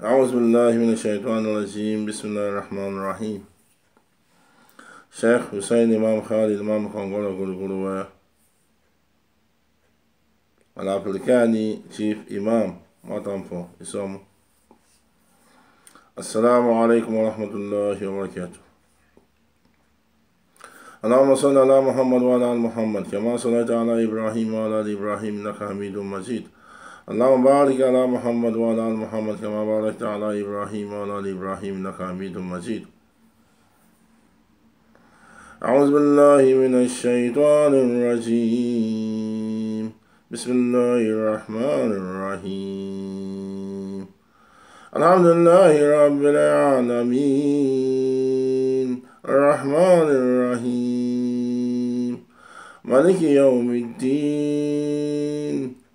أعوذ بالله من الشيطان الرجيم بسم الله الرحمن الرحيم شيخ حسين إمام خالد إمام قولا قولا الأفريكاني شيف إمام ما تنفو اسمه السلام عليكم ورحمة الله وبركاته اللهم صل على محمد وعلى محمد كما صليت على إبراهيم وعلى إبراهيم إنك حميد مجيد اللهم بارك على محمد وعلى آل محمد كما باركت على إبراهيم وعلى آل إبراهيم إنك حميد مجيد أعوذ بالله من الشيطان الرجيم بسم الله الرحمن الرحيم الحمد لله رب العالمين الرحمن الرحيم مالك يوم الدين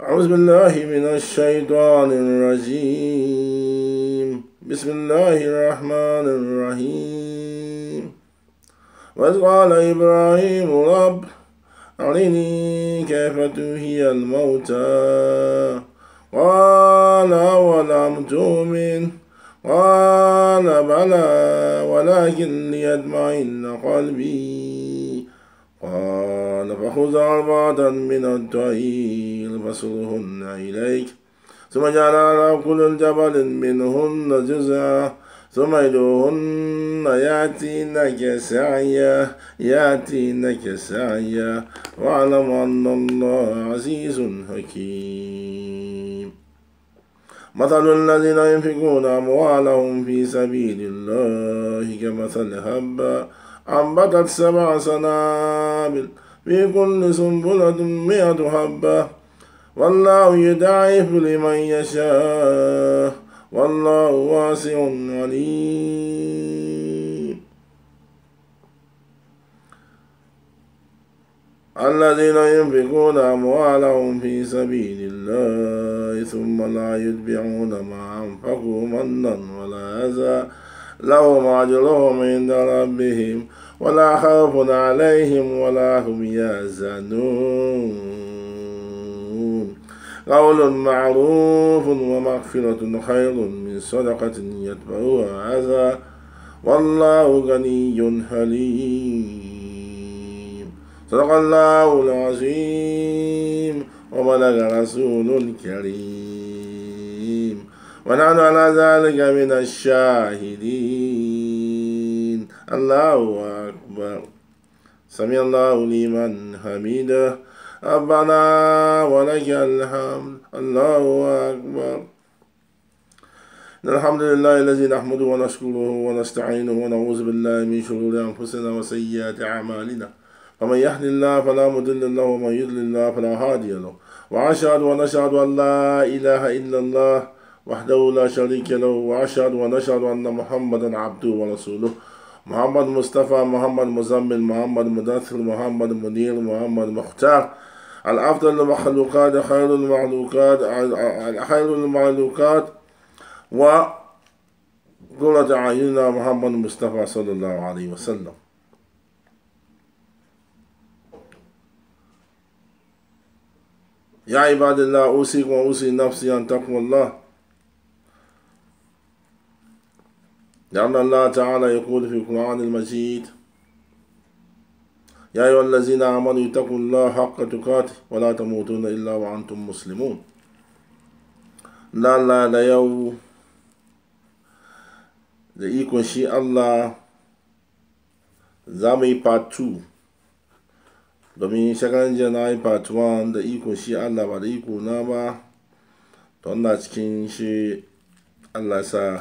أعوذ بالله من الشيطان الرجيم بسم الله الرحمن الرحيم وإذ قال إبراهيم رب أرني كيف تهي الموتى قال ولم تؤمن قال بلى ولكن ليطمئن قلبي قال فخذ أربعة من الطير رسولهن إليك ثم جعل على كل جبل منهن جزءا ثم يدعوهن يأتينك سعيا يأتينك سعيا واعلم أن الله عزيز حكيم مثل الذين ينفقون أموالهم في سبيل الله كمثل هبة أنبتت سبع سنابل في كل سنبلة مئة حبة والله يضعف لمن يشاء والله واسع عليم الذين ينفقون أموالهم في سبيل الله ثم لا يتبعون ما أنفقوا منا ولا أذى لهم أجرهم عند ربهم ولا خوف عليهم ولا هم يحزنون قول معروف ومغفرة خير من صدقة يتبعها أذى والله غني حليم صدق الله العظيم وبلغ رسول الكريم ونحن على ذلك من الشاهدين الله أكبر سمع الله لمن حمده ربنا ولك الحمد الله أكبر الحمد لله الذي نحمده ونشكره ونستعينه ونعوذ بالله من شرور أنفسنا وسيئات أعمالنا فمن يهد الله فلا مضل له ومن يضلل الله فلا هادي له وأشهد ونشهد أن لا إله إلا الله وحده لا شريك له وأشهد ونشهد أن محمدا عبده ورسوله محمد مصطفى محمد مزمل محمد مدثر محمد منير محمد مختار الأفضل المخلوقات خير المعلوقات خير المعلوقات و قرة عيننا محمد المصطفى صلى الله عليه وسلم يا عباد الله أوصيكم وأوصي نفسي أن تقوى الله لأن الله تعالى يقول في القرآن المجيد يا أيها الذين آمنوا اتقوا الله حق تقاته ولا تموتن إلا وأنتم مسلمون lala da yau da ikon shi Allah za mu yi part 2 domin shakarar jiya yi part 1 da ikon shi Allah ba da iko na ba to na cikin shi Allah sa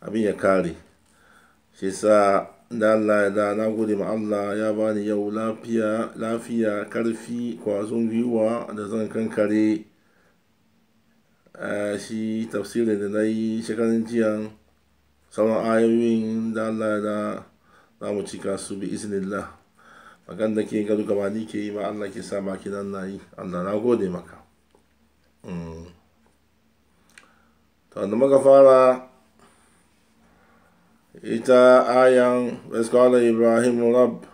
abin ya kare shi sa da Allah ya da na gode ma Allah ya bani yau lafiya lafiya karfi kwazon gwiwa da zan kankare eh, shi tafsirin da na yi shekarun jiya sauran ayoyin da Allah ya da za mu cika su bi isnillah magan da ke gado gaba ni ke yi ma Allah ke sa baki nan na yi Allah na gode maka hmm. to da muka fara ita ayan wasu ibrahim rab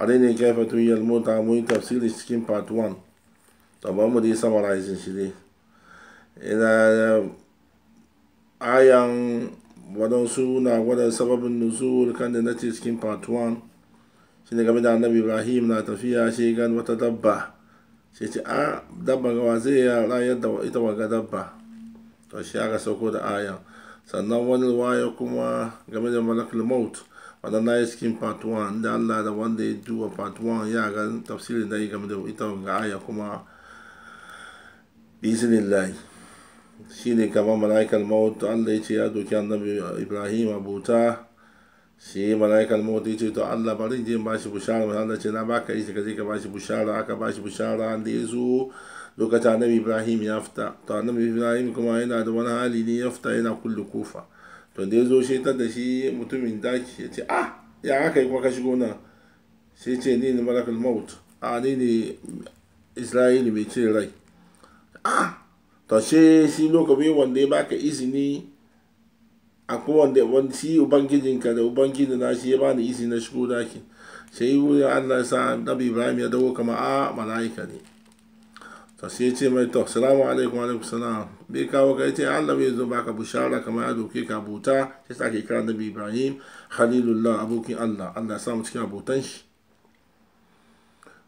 a ne kefa almota mu yi tafsiri cikin part 1 tabbon mu samar summarizing shi ne ina ayan waɗansu na gwada sababin nuzul kan da na cikin part 1 shi ne game da annabi ibrahim na tafiya shi gan wata dabba shi ce a dabba gawa zai rayar da ita waga dabba to shi aka sauko da ayan sannan wani ruwaya kuma game da malakul maut wannan na yi cikin part 1 da allah da wanda ya duba part 1 ya ga tafsirin da yi game da ita ga aya kuma bisnillahi shi ne kamar malakul maut allah ya ce ya doki annabi ibrahim abuta shi malakul maut ya ce to allah bari je ba shi bushara allah ce na baka yi ka je ka ba shi bushara aka ba shi bushara da ya zo lokacin annabi ibrahim ya fita to annabi ibrahim kuma yana da wani hali ne ya fita yana kulle kofa to da ya zo shetar da shi mutumin daki ya ce ah ya aka yi kuma ka shigo nan sai ce ni ne malakul maut a ah, ni ne isra'ili mai ce rai ah to she shi lokaci wanda ya baka izini a kowanne wanda shi ka da ubangiji na shi ya bani izini na shigo daki sai wurin allah sa nabi ibrahim ya dawo kama a ah, mala'ika ne to sai ya ce mai to salamu alaikum alaikum salam bai kawo ka yace Allah bai zo baka bushara kamar ya doke ka buta sai sa ke kira Nabi Ibrahim halilullah abokin Allah Allah ya samu cikin abotan shi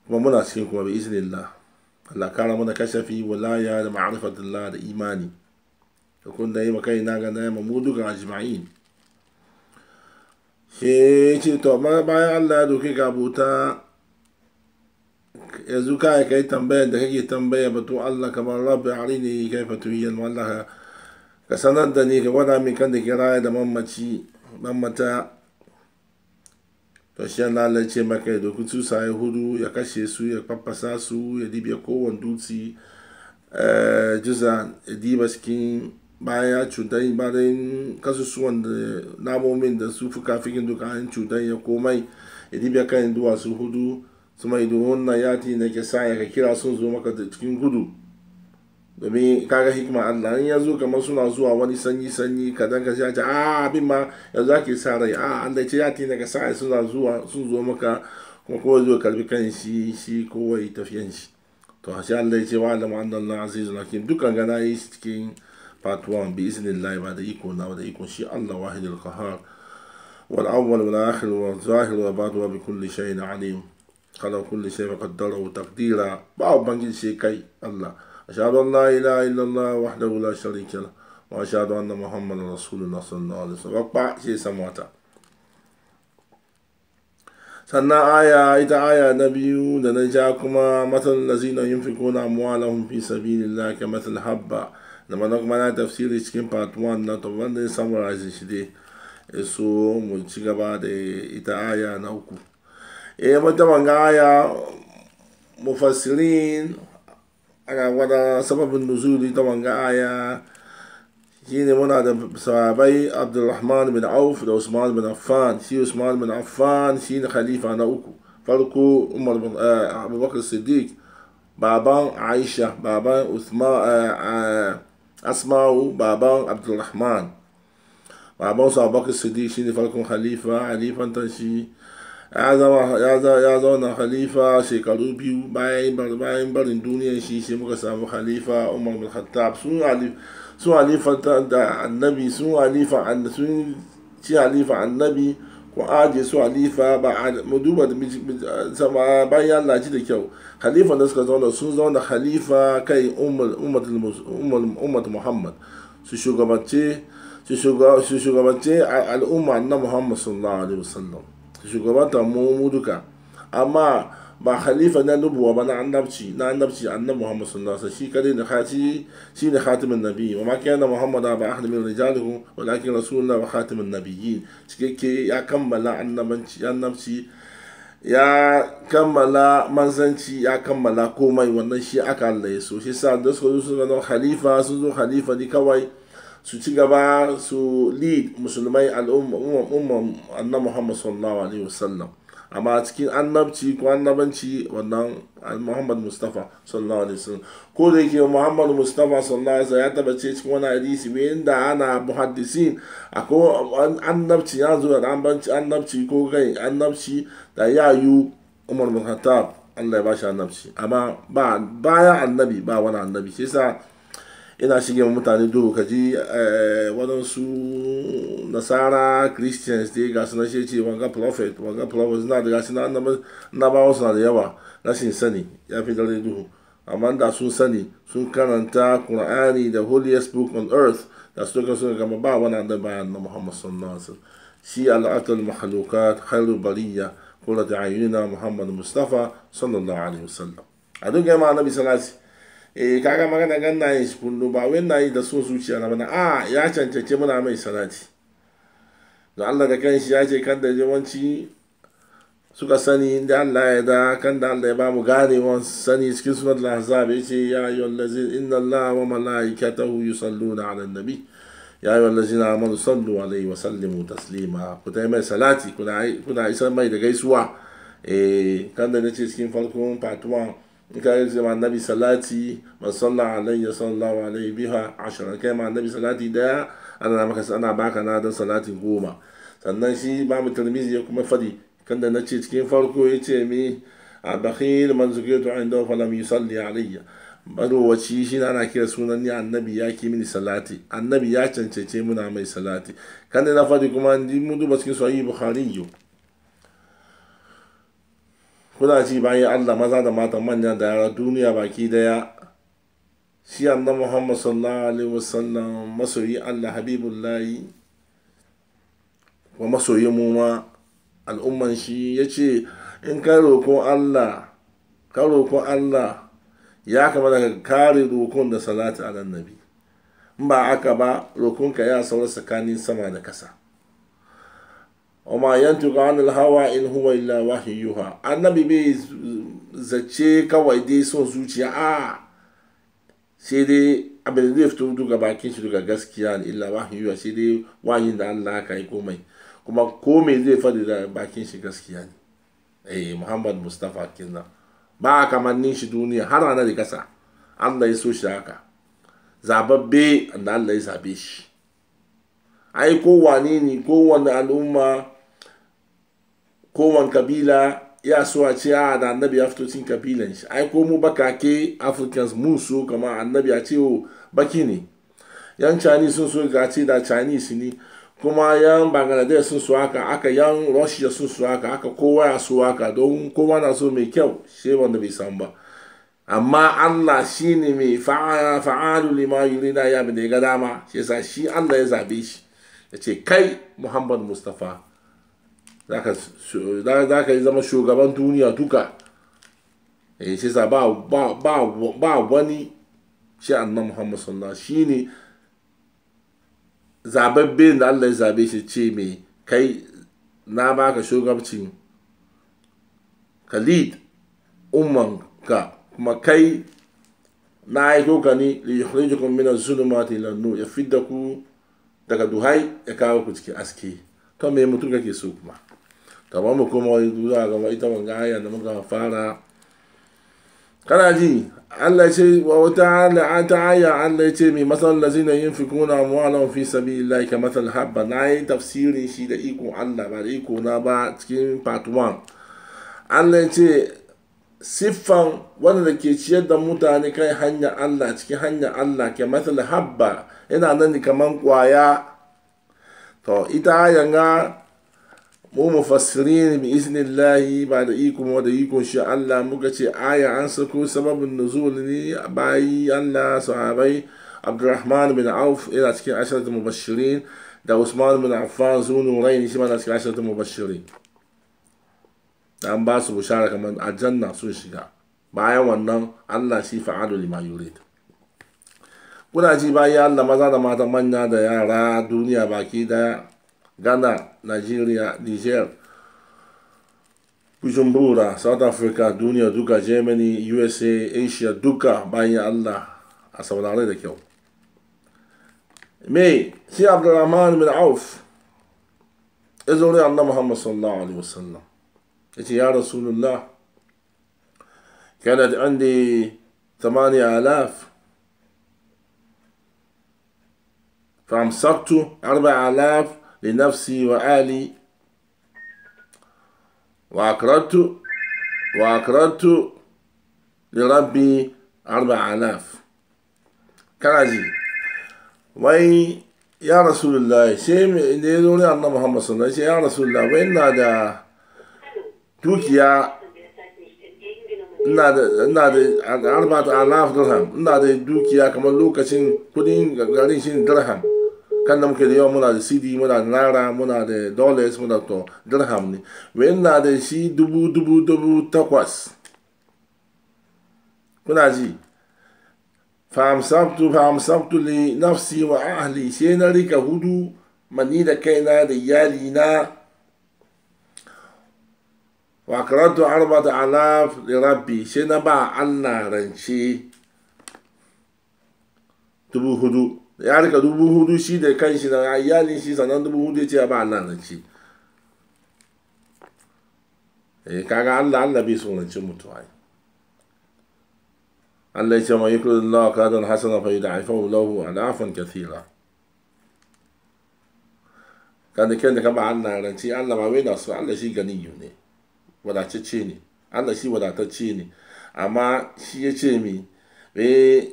kuma muna cikin kuma bai bi iznillah Allah kara mana kashafi walaya da ma'rifatullah da imani da kun da yi maka ina ga na yamma mudu ga ajma'in sai ce to bayan Allah ya doke ka buta yanzu ka kai tambayar da kake tambaya batu Allah kamar rabbi arini kaifa tuhiyyan wallaha ka sanar da ni ka gwada min kan da kiraya da mamaci mamata to shi yana lalace maka ya doki tsusaye hudu ya kashe su ya faffasa su ya dibiya kowane dutse eh, jiza ya diba cikin baya cutan bayan kasusuwan da namomin da su fuka fikin duka an ya komai ya dibiya kan su hudu su mai duhun ya ti na ke ka kira sun zo maka da cikin gudu domin kaga hikima Allah in ya zo kamar suna zuwa wani sanyi sanyi kadan ka ce a ah, abin ma yanzu ake sa rai a ah, an da ce ya ti na ka suna zuwa sun zo maka kuma kowa zo karbi kan shi shi kowa yi tafiyan shi to a Allah ya ce wa alama annan na azizun hakim dukkan gana yi cikin part 1 bi iznillahi ba da iko na da iko shi Allah wahidul qahar wal awwal wal akhir zahir wa batu bi kulli shay'in alim خلا كل شيء مقدره وتقديره بعض بنجل شيء كي الله أشهد أن لا إله إلا الله وحده لا شريك له وأشهد أن محمد رسول الله صلى الله عليه وسلم وقبع شيء سمعتا سنة آية إذا آية, آية. نبي لنجاكما مثل الذين ينفقون أموالهم في سبيل الله كمثل حبة لما نقمنا تفسير إشكين بات 1 نتوفن دي سمرايزي شدي إسو مجيكبا دي إتا آية نوكو طبعا جاية مفسرين على سبب النزول دي طبعا جاية shine muna da sahabai abdulrahman bin auf da usman bin affan shi usman bin affan shine khalifa na uku farko umar bin abubakar siddiq baban aisha baban asma'u baban abdulrahman baban su abubakar siddiq shine farkon khalifa halifantar shi ya zauna halifa shekaru biyu bayan barin duniyan shi sai muka samu halifa umar bin khattab sun halifa da annabi sun halifa sun ci halifa annabi ko aje su halifa ba mu duba da sama bayan Allah ji da kyau halifa da suka zauna sun zauna halifa kai ummat muhammad su shugabance su shugabance al'umma na muhammad sallallahu alaihi wasallam shugaban ta mu duka amma ba khalifa na nubuwa ba na annabci na annabci annab muhammad sallallahu alaihi shi kadai da khati shi ne khatimin nabi wa ma kana muhammad ba ahad min rijalihi walakin rasulullah wa khatimin cike ke ya kammala annabanci annabci ya kammala manzanci ya kammala komai wannan shi aka Allah ya so shi sa da su zo khalifa su zo khalifa ne kawai su ci gaba su lead musulmai al'umman annabi muhammad sallallahu alaihi wasallam amma cikin annabci ko annabanci wannan muhammad mustafa sallallahu alaihi wasallam ko da yake muhammad mustafa sallallahu alaihi wasallam ya tabbace cikin wani hadisi mai inda ana muhaddisin akwai annabci ya zo da annabci ko kai annabci da yi umar bin khattab Allah ya bashi annabci amma ba ya annabi ba wani annabi sai sa yana shige mutane duhu ka ji eh, waɗansu nasara christians dai ga su na shi ce wanga prophet wanga prophet na da gashi na wasu na da yawa rashin sani ya fi dare duhu amma da sun sani sun karanta qur'ani da holiest book on earth da su ka suka gama ba wani annabi bayan na muhammad sallallahu alaihi wasallam shi al'atul mahalukat khairu bariya qurratu ayyuna muhammad mustafa sallallahu alaihi wasallam a duk ma annabi sallallahu eh kaga magana gan na yi kullu ba wai na yi da so zuciya na bana a ah, ya cancanci muna mai salati don Allah da kanshi ya ce kan da yawanci suka sani inda Allah ya da kan da Allah ya ba mu ganewan sani cikin sunan Allah ahzab ce ya ayyuhal ladzina inna Allah wa malaikatahu yusalluna ala nabi ya ayyuhal ladzina amanu sallu alaihi wa sallimu taslima ku dai mai salati kuna kuna isa mai da gaisuwa eh kan da nace cikin farkon part 1 in ka ma annabi salati masalla alayhi sallallahu alayhi biha ashara kai ma annabi salati daya ana maka ana baka na dan salati goma sannan shi mu tarmizi ya kuma fadi kan da na ce cikin farko ya ce mi a bakhil man zukiyatu inda fa lam yusalli alayya marowaci shi na ana kira sunan ni annabi ya ki mini salati annabi ya cancace muna mai salati kan da na fadi kuma mun duba cikin sahih bukhari yau kuna ci bayan allah maza da mata manyan da yara duniya baki daya shi annan muhammad sallallahu alaihi wasallam masoyi allah habibullahi wa masoyi mu ma al'umman shi ya ce in ka roƙon allah ka allah ya kamata ka kare roƙon da salati a in ba aka ba roƙonka ya saura tsakanin sama da kasa وما ينطق hawa in إن هو إلا وحي annabi bai zace kawai dai son zuciya a sai dai abin da zai fito daga bakin shi daga gaskiya illa wahayi yuwa sai dai da Allah ka yi komai kuma komai zai fadi da bakin shi gaskiya ne eh Muhammad mustapha kenan ba kamannin shi duniya har ranar da kasa Allah ya so shi haka zababbe da Allah ya zabe shi ai kowane ne kowane al'umma kowane kabila ya so a ce a ah, da annabi ya fito cin kabilan shi ai ko mu bakake africans mu so kama annabi a ce o oh, baki ne yan chinese sun so ga ce da chinese ne kuma yan bangladesh sun so haka aka yan russia sun so haka aka kowa ya so haka don kowa na so mai kyau shi wanda bai san ba amma allah shi ne mai fa'alu lima yurina ya bi da ya ga dama shi yasa shi allah ya zabe shi ya ce kai muhammad mustafa za ka yi zama shugaban duniya duka ya ce sa ba wani shi annan muhammad sallallahu shi ne zababbe da allah ya zabe shi ce mai kai na baka shugabcin khalid ka kuma kai na aiko ka ne da yi hulajikun minar zulumati ila an ya ku daga duhai ya kawo ku cikin aske to me mutum kake so kuma kamar mu kuma wani duza ga ita wanga haya da muka fara kana ji Allah ce wa wata ala ta aya Allah ya ce mai masal lazina yunfikuna amwalahum fi sabilillahi ka masal habba na yi tafsirin shi da iko Allah ba da iko na ba cikin part 1 Allah ya ce siffan wanda ke ciyar da mutane kai hanya Allah cikin hanya Allah ke matsal habba yana nan kaman kwaya to ita yanga mu mufassirin bi iznillahi ba da iko mu da iko shi Allah muka ce aya an sako sababin nuzul ne bai Allah sahabai Abdurrahman bin Auf yana cikin ashirat mubashirin da Usman bin Affan nurai ne shi ma cikin ashirat mubashirin an ba su bushara kamar aljanna sun shiga bayan wannan Allah shi fa'alu lima yurid kuna ji bayan Allah maza da mata manya da yara duniya baki daya Ghana Nigeria Niger Bujumbura South Africa duniya duka Germany USA Asia duka bayan Allah a saurare da kyau mai shi Abdulrahman bin Auf ya zo Allah Muhammad sallallahu alaihi wasallam قلت يا رسول الله كانت عندي ثمانية آلاف فأمسكت أربع آلاف لنفسي وآلي وأقرضت وأقرضت لربي أربع آلاف كراجي وي يا رسول الله شيء ne zo ne annabi Muhammad sallallahu alaihi wasallam ya rasulullah wai ina da dukiya ina da ina da arba ta alaf dirham ina da dukiya kamar lokacin kudin garin shi dirham kan da muke da yawa muna da cd muna da naira muna da dollars muna da dirham ne wa ina da shi dubu dubu dubu takwas kuna ji nafsi wa لنفسي وأهلي سينا ريكا hudu mani da kaina da iyalina وأكرمت أربعة آلاف لربي سينما أنا رنشي دبو هدو يعني دبو هدو شي دي كان شي دي يعني شي سنة دبو هدو شي أبا أنا رنشي إيه كاكا أنا أنا بيسو رنشي أنا ألا يشما يكرد الله كادا حسنا فيدعفه له ألافا كثيرا كان كان كما أنا رنشي ألا ما وين أصفى ألا شي غني يوني wadatacce ne allah shi wadatacce ne amma shi ya ce mi eh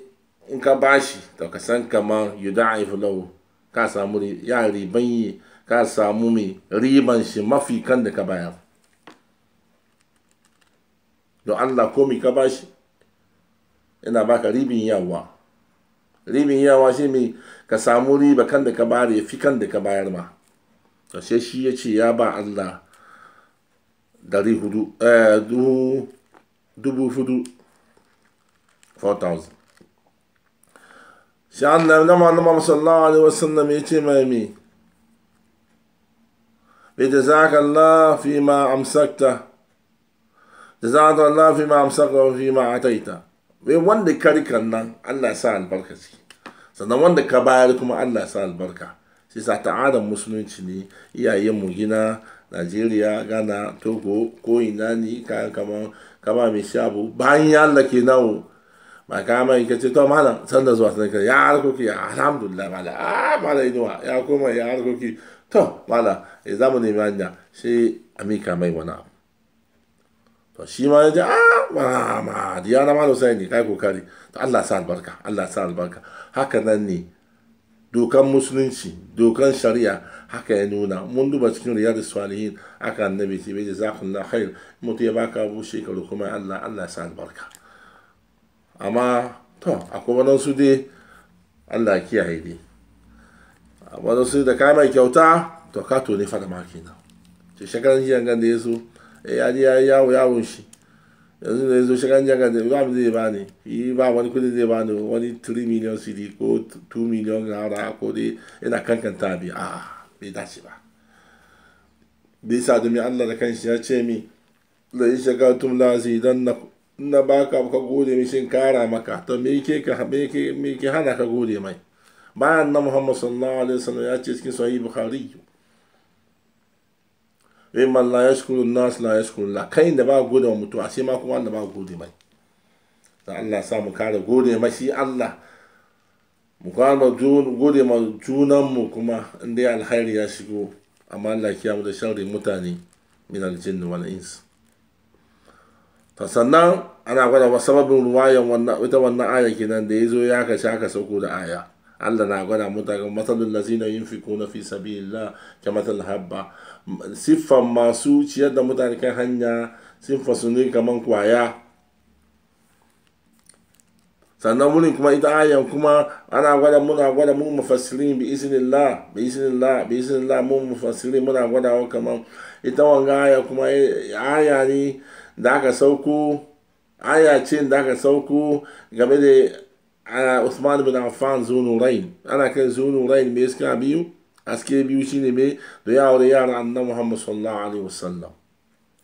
in ka ba shi to ka san kamar yuda'ifu lahu ka samu ya riban yi ka samu mai riban shi mafi kan da ka bayar don allah komi ka ba shi ina baka ribin yawa ribin yawa shi mai ka samu riba kan da ka bayar ya fi kan da ka bayar ma ƙarshe shi ya ce ya ba allah dali hudu uh, do, dubu hudu 4000. Shi sallallahu amsakta, amsakta ataita. wanda karikan nan Allah sa sannan wanda ka bayar kuma Allah sa albarka. Sai ta'adar musulunci ne iyayen mu gina najeriya ghana togo ko ina ne kayan kamar kama mai shabu bayan ya Allah ke nawo ba kama yi kace to mana san da zuwa sanar ya harkoki ya alhamdulillah mala a ah, mala inuwa ya koma ya harkoki to mala ya zamu nemi hanya sai amika mai wani abu to shi ma ya ji ah, a ma ma diyana malam sai ne kai kokari to Allah sa albarka Allah sa albarka haka nan ne dokan musulunci dokan shari'a haka ya nuna mun duba cikin riyadu salihin aka annabi ce bai na khair mutu ya baka abu shekaru kuma Allah Allah ya sa albarka amma to akwai su dai Allah kiyaye dai su da kama kyauta to ka to ne fada ma kenan ce shekaran jiya gan da yazo ya ji eh, ya yawo yawon shi yanzu da yazo shekaran jiya gan da ya mu zai bani yi ba wani kudi zai bani wani 3 million cd ko 2 million naira ko dai yana kankanta biya a'a bai dace ba bisa domin allah da kanshi ya ce mi da yi tun lazi idan na na ba ka gode mi shin kara maka to me ke ka me yake me hana ka gode mai bayan na muhammad sallallahu alaihi wasallam ya ce cikin sahih bukhari man la yashkuru nas la yashkuru la kai da ba gode wa a sai ma kuma da ba gode mai da Allah sa mu kare gode shi Allah mu kama gode ma junanmu kuma inda alkhairi ya shigo amma Allah kiya mu da sharri mutane min aljinn wal ins ta sannan ana gwada wa sababin ruwayan wannan ita wannan aya kenan da yazo ya ka haka sauko da aya Allah na gwada mu ga matalul lazina yunfikuna fi sabilillah tal habba siffan masu ciyar da mutane kan hanya siffa su ne kaman kwaya sannan wurin kuma ita ayan kuma ana gwada muna gwada mu mufassirin bi iznillah bi iznillah bi iznillah mu mufassirin muna gwada wa kaman ita wanga aya kuma e, aya ne da aka sauko aya ce da aka sauko game da Usman bin Affan rain ana kai rain me iska biyu aske biyu shine me da ya yara annan annabi Muhammad sallallahu alaihi wasallam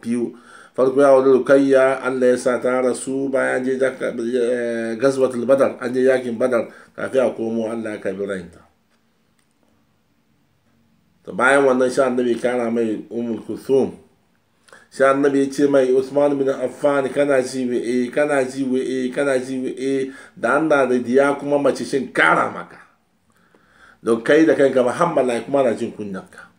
biyu farko wani rukayya allah ya sa ta rasu bayan je eh, gazwatul badar an je yakin badar kafin a komo allah ya kabi ranta ta bayan wannan sha annabi kara mai umul kusum sha annabi ya ce mai usman bin affan kana ji wa eh, kana ji wa eh, kana ji wa da an da diya kuma mace shin kara maka don kai da kanka muhammad kuma na jin ka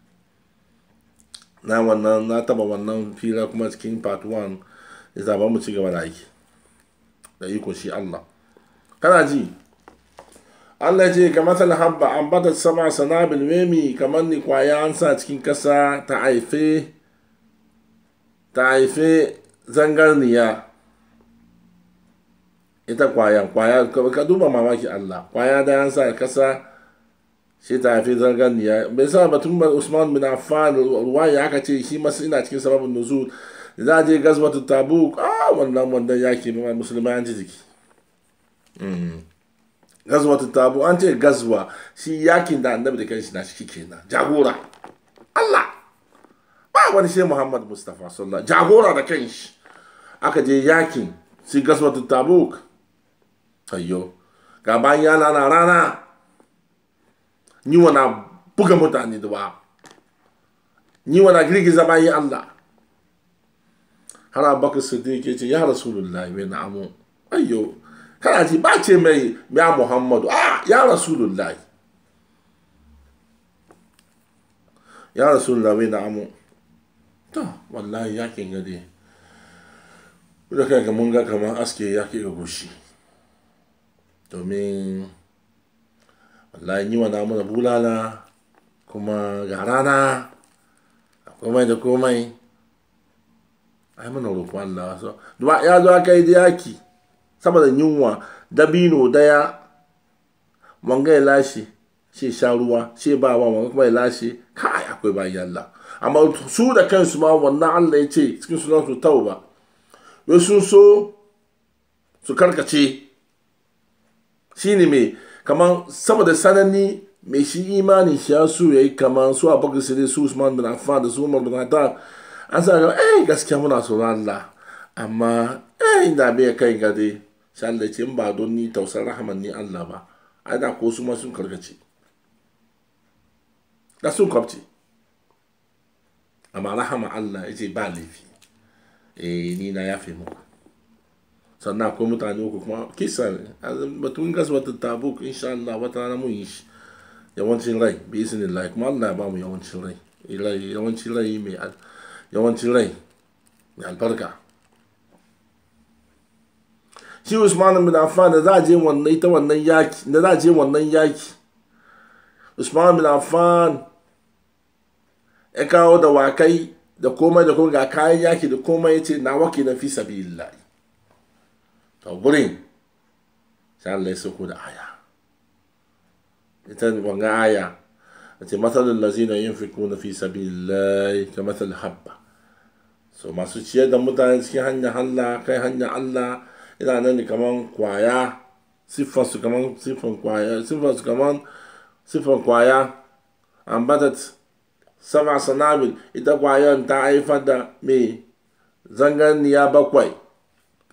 na wannan na taba wannan fira kuma cikin part 1 isa ba mu ci gaba da aiki da iko shi Allah kana ji Allah ce ka masal habba an bada sama sanabil memi kamar ni kwaya an sa cikin kasa ta haife ta haife zangarniya ita kwayan kwaya ka duba mamaki Allah kwaya da an sa kasa shi ta haifi ya bai sa batun ba usman bin affan ruwaya aka ce shi masu ina cikin sababin nuzul za a je gazwatu tabuk a wannan wannan yaki mai musulmai an ji jiki hmm. gazwatu tabu an ce gazwa shi yakin da annabi da kanshi na shi kenan jagora Allah ba wani shi Muhammad Mustafa sallallahu jagora da kanshi aka je yakin shi gazwatu tabuk ayyo ga bayan yana rana ñi wana buga mutane da ba ñi wana girgiza bayan Allah har abakar siddiq ya ce ya rasulullahi mai na'amu ayyo kana ji ba ce mai ya muhammadu a ah, ya rasulullahi ya rasulullahi mai na'amu to wallahi bu gade kaa nga mun ga kama aske yaki nga goshi domin wallahi yi wa mana bulala kuma ga rana komai da komai ai mana roƙo Allah so duwa ya zo aka da yaki saboda yunwa dabino daya wanga ya lashe shi sha ruwa shi ba wa wanga kuma ya lashe kai akwai bayan Allah amma su da kansu ma wannan Allah ya ce cikin su su tauba wai sun so su karkace shine mai kaman saboda sanani mai shi imanin shi ya su yi kaman su abubakar siddiq su usman da nafa da su umar da nata an sa ga eh gaskiya muna tsoron Allah amma eh inda bai kai ga dai sai in ba don ni tausar rahman ni Allah ba ai da ko su ma sun karkace da sun kwabce amma rahama Allah ya ce ba laifi eh ni na fi muku sannan akwai mutane uku kuma kisa ne batun wata tabuk insha Allah wata rana mun yi shi yawancin rai bi isinin lai kuma Allah ya ba mu yawancin rai yawancin rai mai yawancin rai mai albarka shi Usman bin Affan da za je wannan ita wannan yaki da za je wannan yaki Usman bin Affan ya kawo da wakai da komai da komai ga kayan yaki da komai ya ce na waki na fi sabilillahi to gurin sai Allah ya sauko da aya ita wanga aya ce matsalin lazina yin fi kuna fi sabilillahi ka matsal habba so masu ciyar da mutane cikin hanyar Allah kai hanyar Allah ina nan kaman kwaya siffar su kaman siffar kwaya siffar su kaman siffar kwaya ambatat sama sanabil ita kwayan ta haifar da me zanganiya bakwai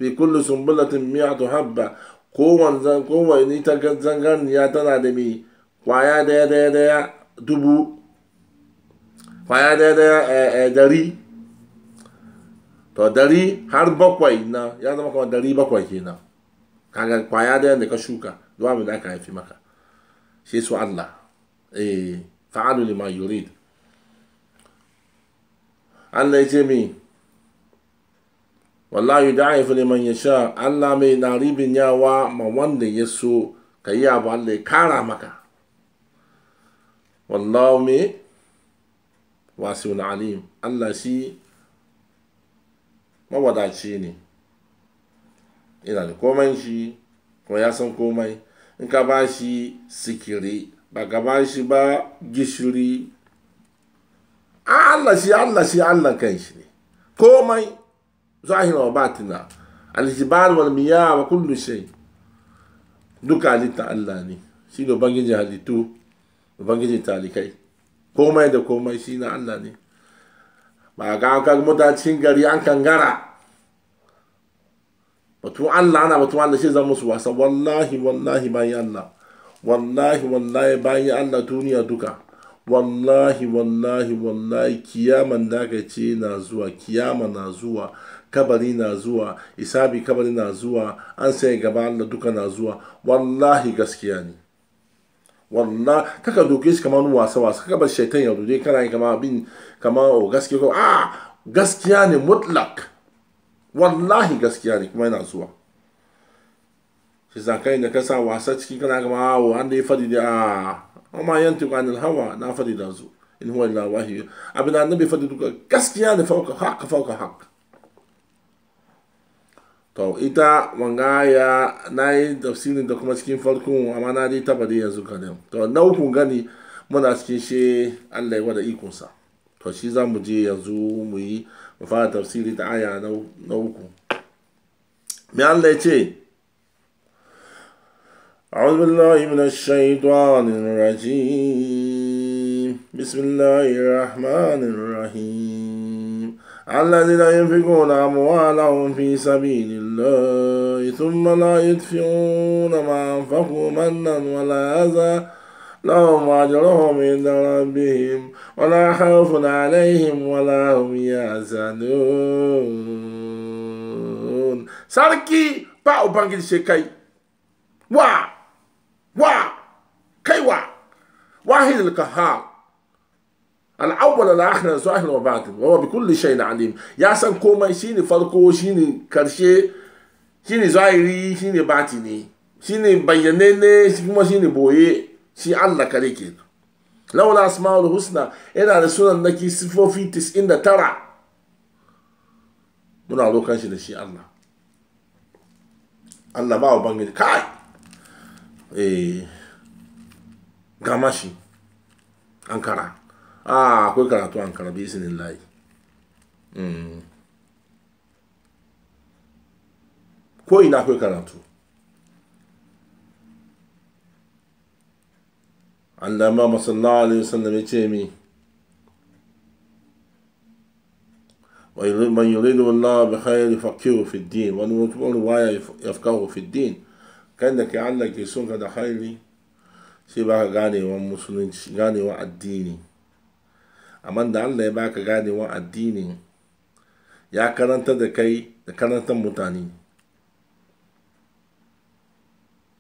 في كل سنبلة مئة حبة قوة زن قوة نيتك زنغان ياتن عدمي ويا دي دي دي دبو ويا دي دي آه، آه، دري تو دري هر بقوي نا يا دم كم دري بقوي هنا كاغا ويا دي دي كشوكا دوا من ذاك في مكة شيء سو الله إيه فعلوا لما يريد الله يجمعين wallahu yudaifu liman yasha Allah mai na ribin yawa ma wanda ya so ka yi abu Allah ya kara maka wallahu me wasiun alim Allah shi mawadaci ne ina da komai shi ko ya san komai in ka ba shi sikiri ba ka ba shi ba gishiri Allah shi Allah shi Allah kan shi ne komai zahira wa batina aljibar wal miya wa kullu shay duka alita Allah ne shi ne ubangiji halittu ubangiji talikai komai da komai shi na Allah ne ba ga ka mutacin gari an kangara batu Allah ana batu Allah shi zan musu wasa wallahi wallahi bayi Allah wallahi wallahi bayi Allah duniya duka wallahi wallahi wallahi kiyama da ka ce na zuwa kiyama na zuwa kabari na zuwa isabi kabari na zuwa an sai gaba Allah duka na zuwa wallahi gaskiya ne wallah kaka doke shi kamar wasa wasa kaka bar shaitan ya dode kana kama bin kama o oh, gaskiya ko a ah, gaskiya ne mutlak wallahi gaskiya ne kuma yana zuwa shi zakai da kasa wasa ciki kana kama o ah, an da ya fadi da a ah, amma yantiku kwanin hawa na fadi da zu in huwa illa wahyu abin annabi fadi duka gaskiya ne fauka haqq fauka haqq to ita wanga ya na yi tafsirin da kuma cikin farkon amma na dai taba da yanzu kadan to na uku gani muna cikin shi allah ya wada ikonsa to shi za mu je yanzu mu yi mu fara tafsiri ta aya na uku me allah ya ce أعوذ بالله من الشيطان الرجيم بسم الله الرحمن الذين ينفقون أموالهم في سبيل الله ثم لا يدفعون ما أنفقوا منا ولا أذى لهم أجرهم عند ربهم ولا خوف عليهم ولا هم يحزنون ساركي باو بانكي شيكاي وا وا كي وا واحد القهار al'awwal al'akhir zahir wa batin wa bi shay'in alim ya san komai shine farko shine karshe shine zahiri shine batini shine bayyane ne kuma shine boye shi Allah kare ke laula asma'ul husna yana da sunan naki sifofi 99 muna rokan shi da shi Allah Allah ba ubangiji kai eh gama ankara ah akwai karatu an karabi izinin layi mm. ko ina akwai karatu an dama masana masallawa alaihi wasallam ya ce mi man da Allah bi khairi faqihu fi din wani mutum ruwaya yafqahu fi din kan da ke Allah ke son ka da khairi sai ba ka ganewa musulunci ganewa addini amma da allah ya baka ganewa addini ya karanta da kai da karantar mutane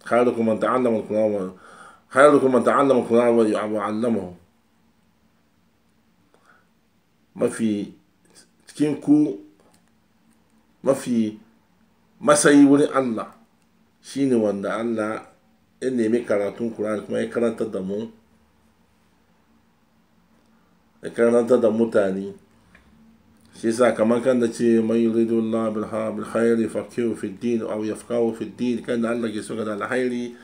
khairukum man ta'allama al-qur'ana khairukum man ta'allama al-qur'ana wa 'allamahu mafi cikin ku mafi masayi wurin Allah shine wanda Allah ya nemi karatun Qur'ani kuma ya karantar da mu da karantar da mutane shi sa kamar kan da ce mai yuridu Allah bil bil khairi faqihu fi din aw yafqahu fi din kan da Allah ke so ga da alkhairi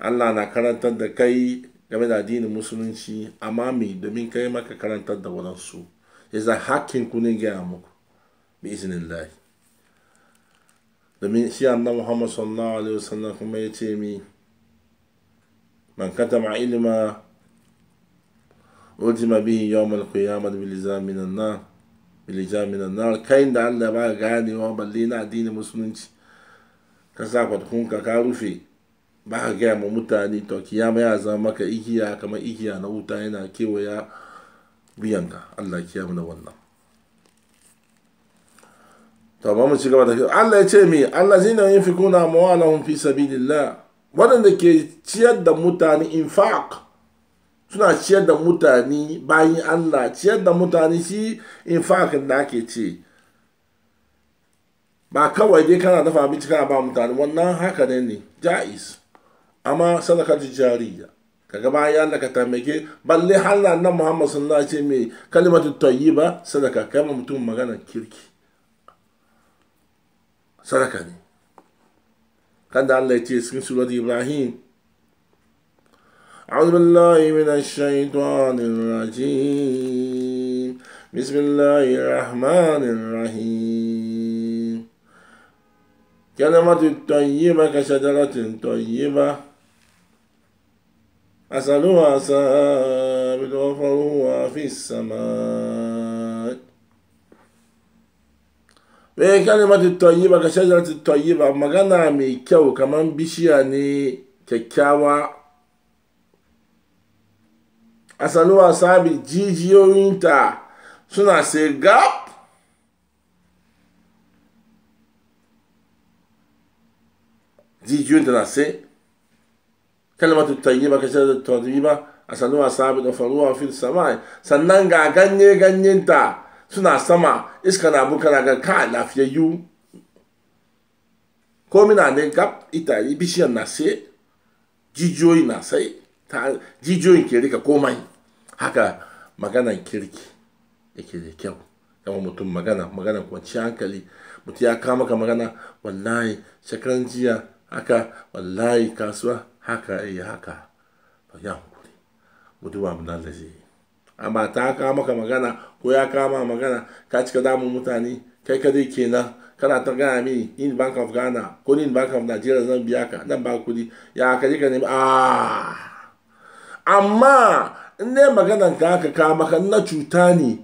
Allah na karantar da kai game da addinin musulunci amma me domin kai maka karantar da wadansu yasa hakkin ku ne ga muku bi iznillah domin shi annabi Muhammad sallallahu alaihi wasallam kuma ya ce mi man katama ilma bi yom al qiyamah bil min an-nar bil min an-nar kai da Allah ba ganewa balle na addinin musulunci ka sa fatkunka ka ka rufe ba ka gaya ma mutane to kiyama ya zama maka igiya kamar igiya na wuta yana kewaya biyanka Allah mu na wannan to ba mu ci gaba da Allah ya ce mi Allah yunfikuna amwalahum fi kuna mawalahun fi sabilillah waɗanda ke ciyar da mutane infaq suna ciyar da mutane bayan allah ciyar da mutane shi in infakin da ake ce ba kawai dai kana dafa abinci kana ba mutane wannan haka ne ne ja'is amma sadaka jariya kaga ya da ka tamake balle hannun nan muhammad na ce mai kalimatu ba sadaka kai ma mutum magana kirki sadaka ne kan da Allah ya ce sun surat Ibrahim أعوذ بالله من الشيطان الرجيم بسم الله الرحمن الرحيم كلمة طيبة كشجرة طيبة أسألها ثابت وفروها في السماء Ve kalimatı tayyiba ka shajaratu tayyiba magana mai kyau kamar bishiya ne a sanuwa sabi jijiyoyinta suna sai gap jijiyoyinta na sai kalmatu ba kashe da ba a sanuwa sabi da faruwa fil sama sannan ga ganye ganyenta suna sama iska na na ga ka yu komi na ne gap ita bishiyar na sai jijiyoyi na sai jijiyoyin ke rika komai haka maganan kirki yake da kyau kama mutum magana magana kwanci hankali mutum ya kama ka magana wallahi shekaran jiya haka wallahi kasuwa haka iya eh, haka ba ya hankuri mutuwa mu da zai yi amma ta kama ka magana ko ya kama magana ka cika damun mutane kai ka dai kenan kana ta gaya mini Yin bank of ghana ko in bank of nigeria zan biya ka nan ba kudi ya ka je ka nemi aaa. amma in dai maganan ka aka kawo maka na cuta ne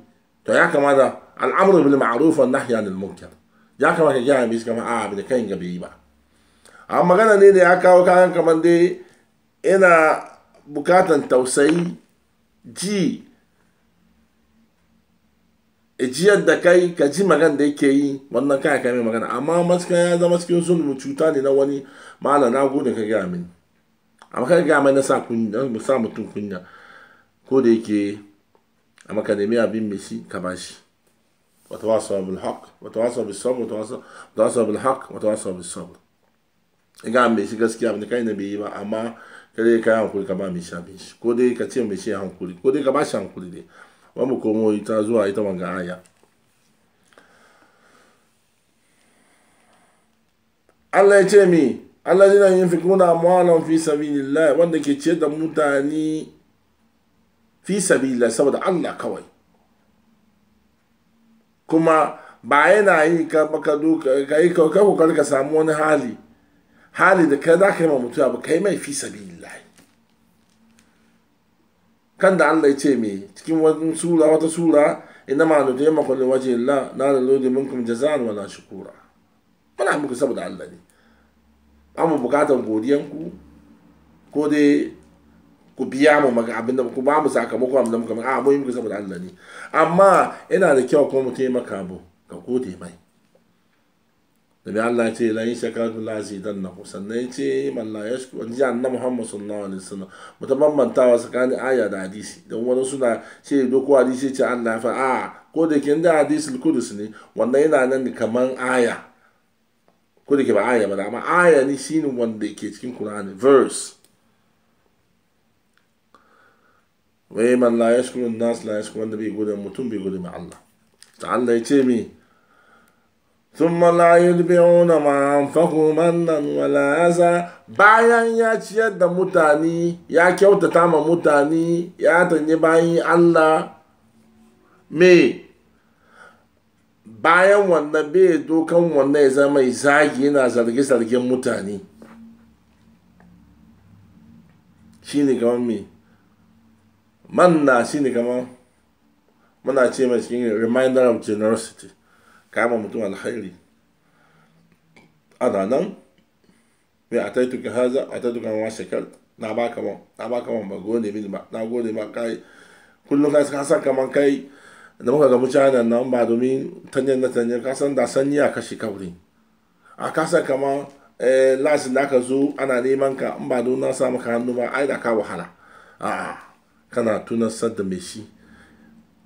to ya kamata al'amuru bil ma'ruf wan nahyi anil munkar ya kamata ya mi kama a da kan ga bai ba a magana ne da ya kawo kayan kamar dai ina bukatan tausayi ji ijiyar da kai ka ji magan da yake yi wannan kayan kai magana amma maskan ya zama cikin zulmi cuta ne na wani malam na gode ka gaya mini amma ka gaya mai na sa mutum kunya ko da yake a makadamiya bin mesi kama shi wata wasu abin haq wata wasu abin sabr wata wasu abin haq wata wasu abin sabr in ga mai shi gaskiya abin da kai na bai yi ba amma kare ka yi hankuri ka ba mai sha bin shi ko dai ka ce mai shi hankuri ko dai ka ba shi hankuri dai wani mu komo ita zuwa ita wanga aya Allah ya ce mi Allah zina yin fi kuna amwalan fi sabilillah wanda ke ce da mutane fi sabila saboda Allah kawai kuma ba yana yi ka ka yi ka samu wani hali hali da ka za ka yi ma mutuwa ba kai mai fi sabila kan da Allah ya ce me cikin wani sura wata sura Ina ma nutu yamma kulli waje la na da lodi minkum jaza'an wala shukura muna muku saboda Allah ne amma bukatan godiyanku ko dai ku biya mu maga abinda ku ba mu sakamakon abinda muka a mun yi muku saboda Allah ne amma yana da kyau kuma mu taimaka maka abu ka gode mai Da bi Allah ce la yin shakaratu la zidan na sannan ya ce malla ya shi wani jihar na Muhammad sallallahu alaihi wasallam mu ta bambantawa tsakanin aya da hadisi don wani suna ce doko hadisi ce Allah ya fa a ko da ke da hadisi kudus ne wannan yana nan kaman aya ko da ke ba aya ba amma aya ne shine wanda ke cikin Kur'ani verse wai man la an nas la yashkuru wanda bai gode mutum bai gode Allah ta Allah ya ce mi thumma la yudbi'una ma anfaqu mannan wala aza bayan ya ciyar da mutane ya kyautata ma mutane ya tanye bayan Allah me bayan wanda bai dokan wanda ya zama zagi yana zarge-zargen mutane shi ne gawan mai manna ne kamar muna ce mai cikin reminder of generosity kama mutum alkhairi ana nan mai a ka haza a ka mawa shekar na baka man na baka man ba gode mini ba na gode ma kai kullum ka san kaman kai da muka ga mutanen nan ba domin tanyan na tanyan ka san da sanyi a kashi kabri a kasa kama eh, lasin da aka zo ana neman ka in ba don na sa maka hannu ba ai da ka wahala a'a kana tunasar da mai shi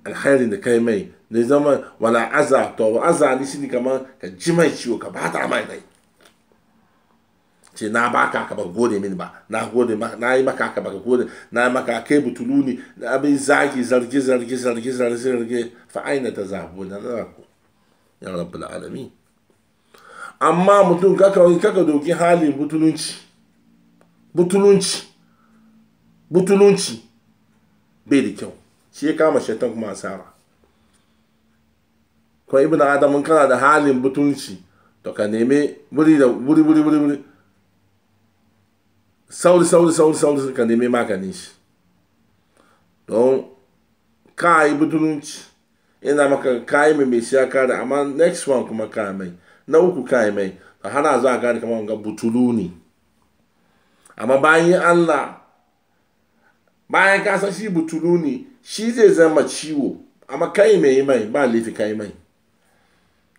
alkhairin da kai mai da zama wala aza to wa aza ni shi kamar ka ji mai ciwo ka bata mai dai ce na ba ka ba gode mini ba na gode na yi maka ka ba gode na maka kai butulu ne da abin zagi zargi zargi zargi zargi zargi fa aina ta zabo na ku ya rabbul alamin amma mutum kaka kaka doki halin butulunci butulunci butulunci bai da kyau shi ya kama shaitan kuma asara ko ibn adam kana da halin butunci to ka neme wuri da wuri wuri wuri wuri sauri sauri sauri sauri ka neme maganin shi don ka yi butunci ina maka kayi mai mai siya kare amma next one kuma kayi mai na uku kayi mai hana za a gani kamar ga butulu ne amma bayan Allah bayan ka san shi butulu ne shi zai zama ciwo amma kai mai mai ba laifi kai mai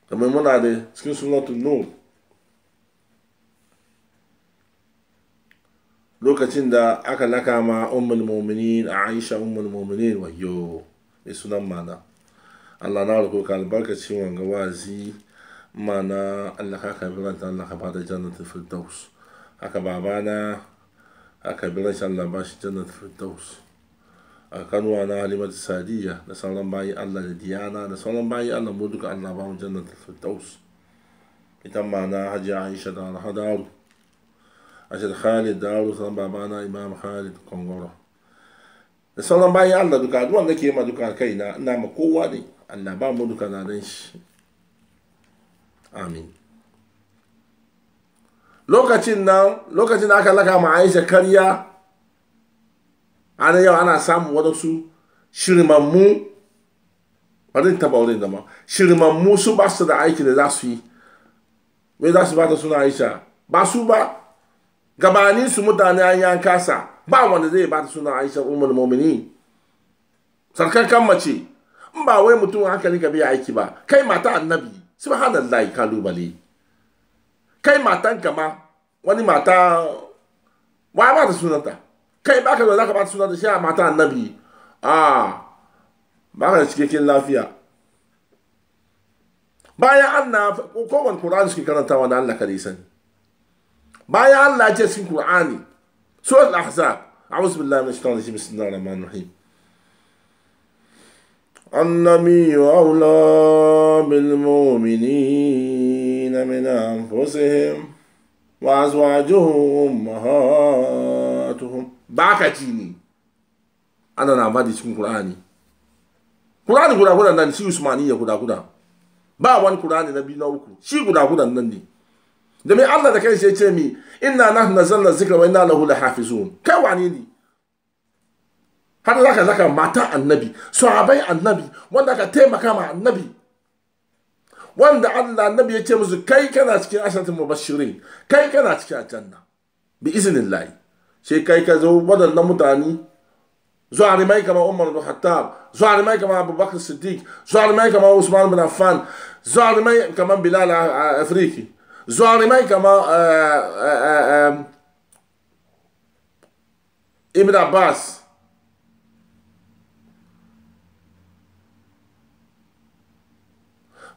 kamar muna da cikin sunatun nur lokacin da aka laka ma ummul mu'minin aisha ummul mu'minin wayo da sunan mana Allah na roƙo ka albarkacin wanga wazi mana Allah ka kabiranta Allah ka bada jannatul firdaus haka babana aka bi rai Allah ba shi jannat firdaus a kanuwa na halimatu sadiya da sauran bayi Allah da diyana da sauran bayi Allah mu duka Allah ba mu jannat firdaus ita ma na hajji Aisha da Hadaru Ashir Khalid Daru san babana Imam Khalid Kongoro da sauran bayi Allah duka addu'an da ke ma duka kai na ina ma kowa ne Allah ba mu duka na dan shi amin lokacin nan lokacin da aka laka ma aisha karya ana yau ana samun wadansu shirmammu barin taba wurin zama shirmammu su ba su da aiki da za su yi wai za su ta suna aisha ba su ba gabanin su mutane an yan kasa ba wanda zai ta suna aisha umar momini sarkakan mace in ba wai mutum ne ka biya aiki ba kai mata annabi subhanallahi kalubale kai matanka ma wani mata wa ba ta sunanta kai ba ka za ka ba ta sunanta shi a mata annabi a ba ka da cikakken lafiya bayan Allah kowane Qur'ani suke karanta wa Allah kare sani bayan Allah ce cikin Qur'ani surat al-ahzab a'udhu billahi minash shaitanir rajim bismillahir rahmanir rahim النبي أولى بالمؤمنين من أنفسهم وأزواجهم أمهاتهم باكتيني أنا نعمل في القرآن Kurani guda guda nan shi Usmaniya guda guda. Ba wani Kurani na biyu na uku. Shi guda guda nan ne. Da mai Allah da kai sai ce mi inna nahnu nazzalna zikra wa inna lahu lahafizun. Kai wani ne? Har zaka zaka mata annabi, sahabai annabi, wanda ka taimaka ma annabi, wanda Allah annabi ya ce musu kai kana cikin asharatul mubashirin kai kana cikin aljanna bi iznillahi sai kai ka zo wadannan mutane zuwa rimai kamar Umar bin Khattab zuwa rimai kamar Abubakar Siddiq zuwa rimai kamar Usman bin Affan zuwa rimai kamar Bilal Afriki zuwa rimai kamar Ibn Abbas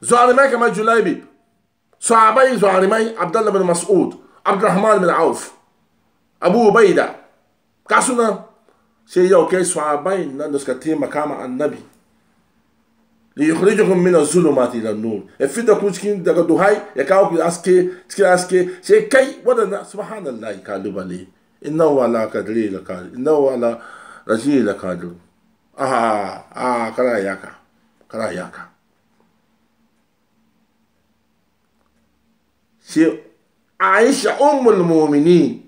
Zalimai kamar Julaibib, sahabai zalimai Abdullah bin Mas'ud, Abdurrahman bin Auf, Abu Baida, kasuna sai yau kai sahabai nan da suka taimaka ma annabi. Li yukhrijukum min az-zulumati ila nur Ya fidda ku cikin daga duhai ya kawo ku aske cikin aske sai kai wadanda subhanallahi kalubale. Innahu ala kadri la kadir. Innahu ala rajil la kadir. Aha, ah kana yaka. Kana yaka. sai aisha ummul mu'minin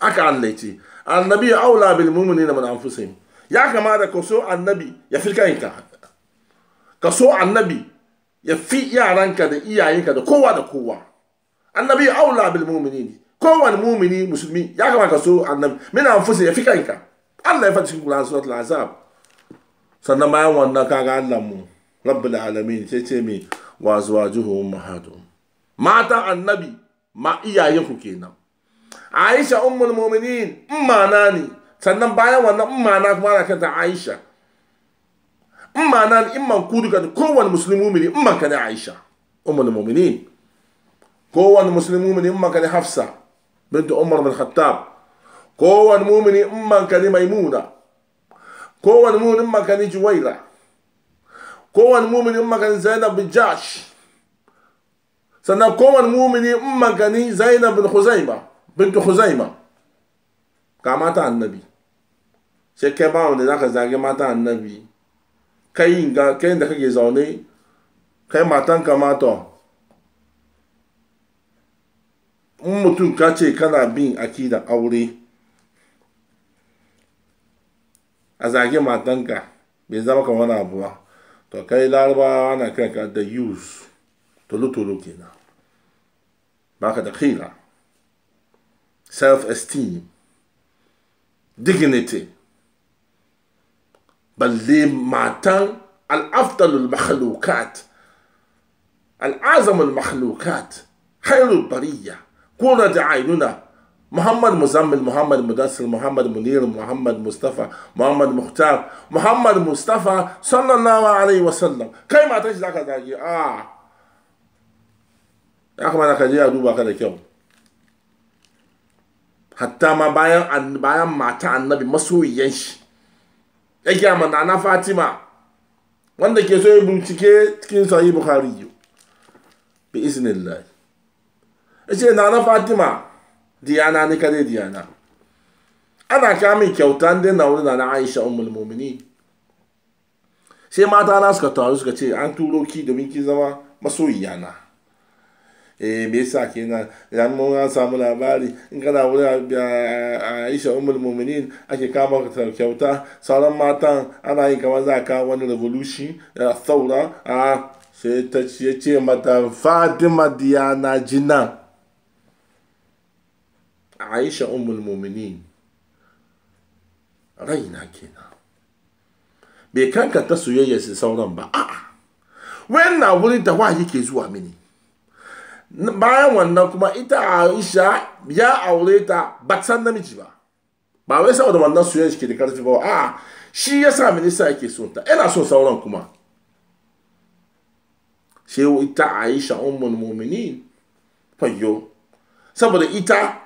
aka Allah ce annabi aula bil mu'minina min anfusihim ya kamata ka so annabi ya fi kanka ka so annabi ya fi yaranka da iyayenka da kowa da kowa annabi aula bil mu'minin kowane mumini musulmi ya kamata ka so annabi min anfusihim ya fi kanka Allah ya faɗi cikin Qur'an suratul Azab sannan bayan wannan kaga Allah mu rabbul alamin sai ce mi wa mahadum matan annabi ma iyayenku kenan aisha ummul mu'minin na ne sannan bayan wannan na kuma ana kanta aisha na ne imman ku duka kowane musulmi mu'mini imman ka ne aisha ummul mu'minin kowane musulmi mu'mini imman ka ne hafsa bint umar bin khattab kowane mu'mini imman ka ne maimuna kowane mu'mini imman ka ne juwaira kowane mu'mini imman ka ne zainab bin jash sannan kowane mumini in magani zainab bin huzaima bintu huzaima ga mata annabi sai kai ba wanda ka zage mata annabi kai ga kai da kake zaune kai matanka mata in mutum ka ce kana bin da aure a zage matanka bai zama kamar wani abu to kai larabawa na kanka da yus tolo-tolo kenan معك دخيلة self esteem dignity بل لي معتن الأفضل المخلوقات الأعظم المخلوقات خير البرية كون عيننا محمد مزمل محمد مدسل محمد منير محمد مصطفى محمد مختار محمد مصطفى صلى الله عليه وسلم كيف ما تجد ذاك اه ya kamata ka je a duba ka da kyau hatta ma bayan bayan mata annabi masoyiyan shi ya gyama nana fatima wanda ke so ya bincike cikin sahih bukhari bi iznillah ya ce nana fatima diyana ne kare diyana ana min kyauta ɗin na wani na aisha umul mumini sai mata na suka taru suka ce an turo ki domin ki zama masoyiyana e me kenan idan mun samu labari in kana wuri eh, eh, Aisha ummul mu'minin ake kama ka kyauta sauran matan ana yi kamar za ka wani revolution saura a sai ta ce mata Fatima Diana jina Aisha ummul mu'minin raina kenan bai kanka ta soyayya su sauran ba a'a wuri na wurin da wa yake zuwa mini bayan wannan kuma ita aisha ya aure ta ba san namiji ba ba wai saboda wannan soyayya shi ke da karfi ba a shi ya sa minista yake son ta yana son sauran kuma shehu ita aisha ummul mu'minin fayyo saboda ita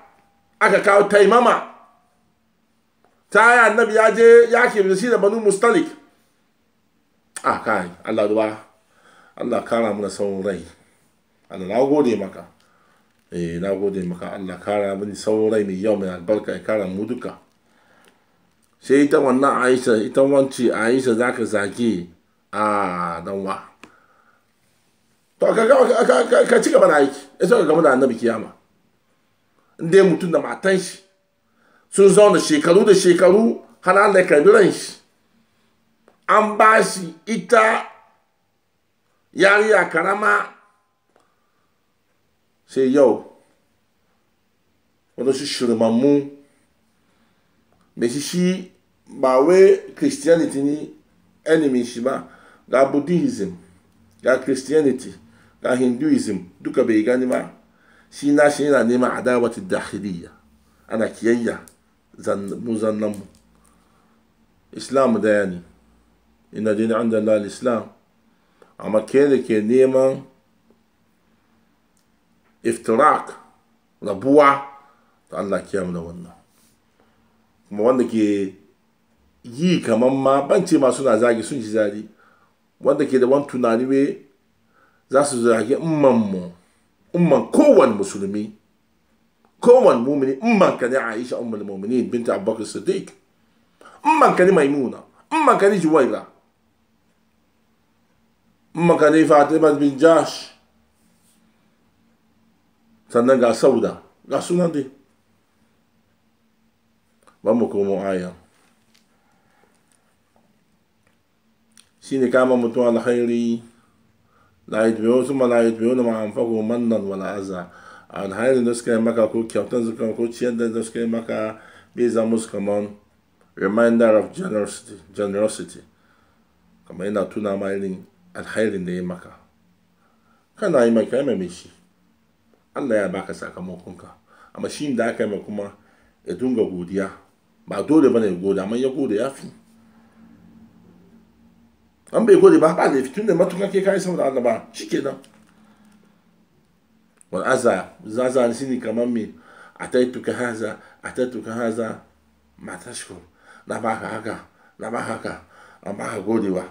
aka kawo taimama ta yi annabi ya je yakin da shi da banu mustalik a ah, kai allah duba allah kara mana sauran rai Ana na gode maka eh na gode maka Allah kara mini saurai mai yau mai albarka ya kara mu duka sai ita wannan Aisha ita wanci Aisha zaka zage a dan wa to ka ka ci gaba da aiki sai ka gama da annabi kiyama in dai mutum da matan shi sun zauna shekaru da shekaru hana Allah ya karbi shi an ba shi ita yariya karama sai yau wadansu shirmammu da shi shi ba wai christianity ni enemy shi ba ga buddhism ga christianity ga hinduism duka bai gani ba shi na shi yana neman adawati dahiliya ana kiyayya mu zannan mu islam daya ne ina dina an da islam amma ke da ke neman iftirak rabuwa to Allah kiyamu da wannan kuma wanda ke yi kamar ma bance ma suna zagi sun ji zagi wanda ke da wani tunani we za su zagi umman mu umman kowane musulmi kowane mumini umman ka ne Aisha umman mumini binta Abubakar Siddiq umman ka ne Maimuna umman ka ne Juwaira umman ka ne Fatima bin Jash sannan ga sauda ga sunan dai ba mu komo aya shi ne kama mutum alhairi la yadbiyo su ma la yadbiyo na ma'amfaku mannan wala aza alhairi da suka yi maka ko kyautan suka ko ciyar da suka yi maka bai zama su kaman reminder of generosity, generosity. kamar yana tuna ma irin alkhairin da ya maka kana yi maka yi mai shi Allah ya baka sakamakonka amma shi da aka yi ma kuma ya dunga godiya ba dole bane ya gode amma ya gode ya fi an bai gode ba ba da fitun da matukan ke kai saboda Allah ba nan Wani aza zaza shine kamar me tuka haza tuka haza ma tashkur na ka haka na ba haka ba ka gode ba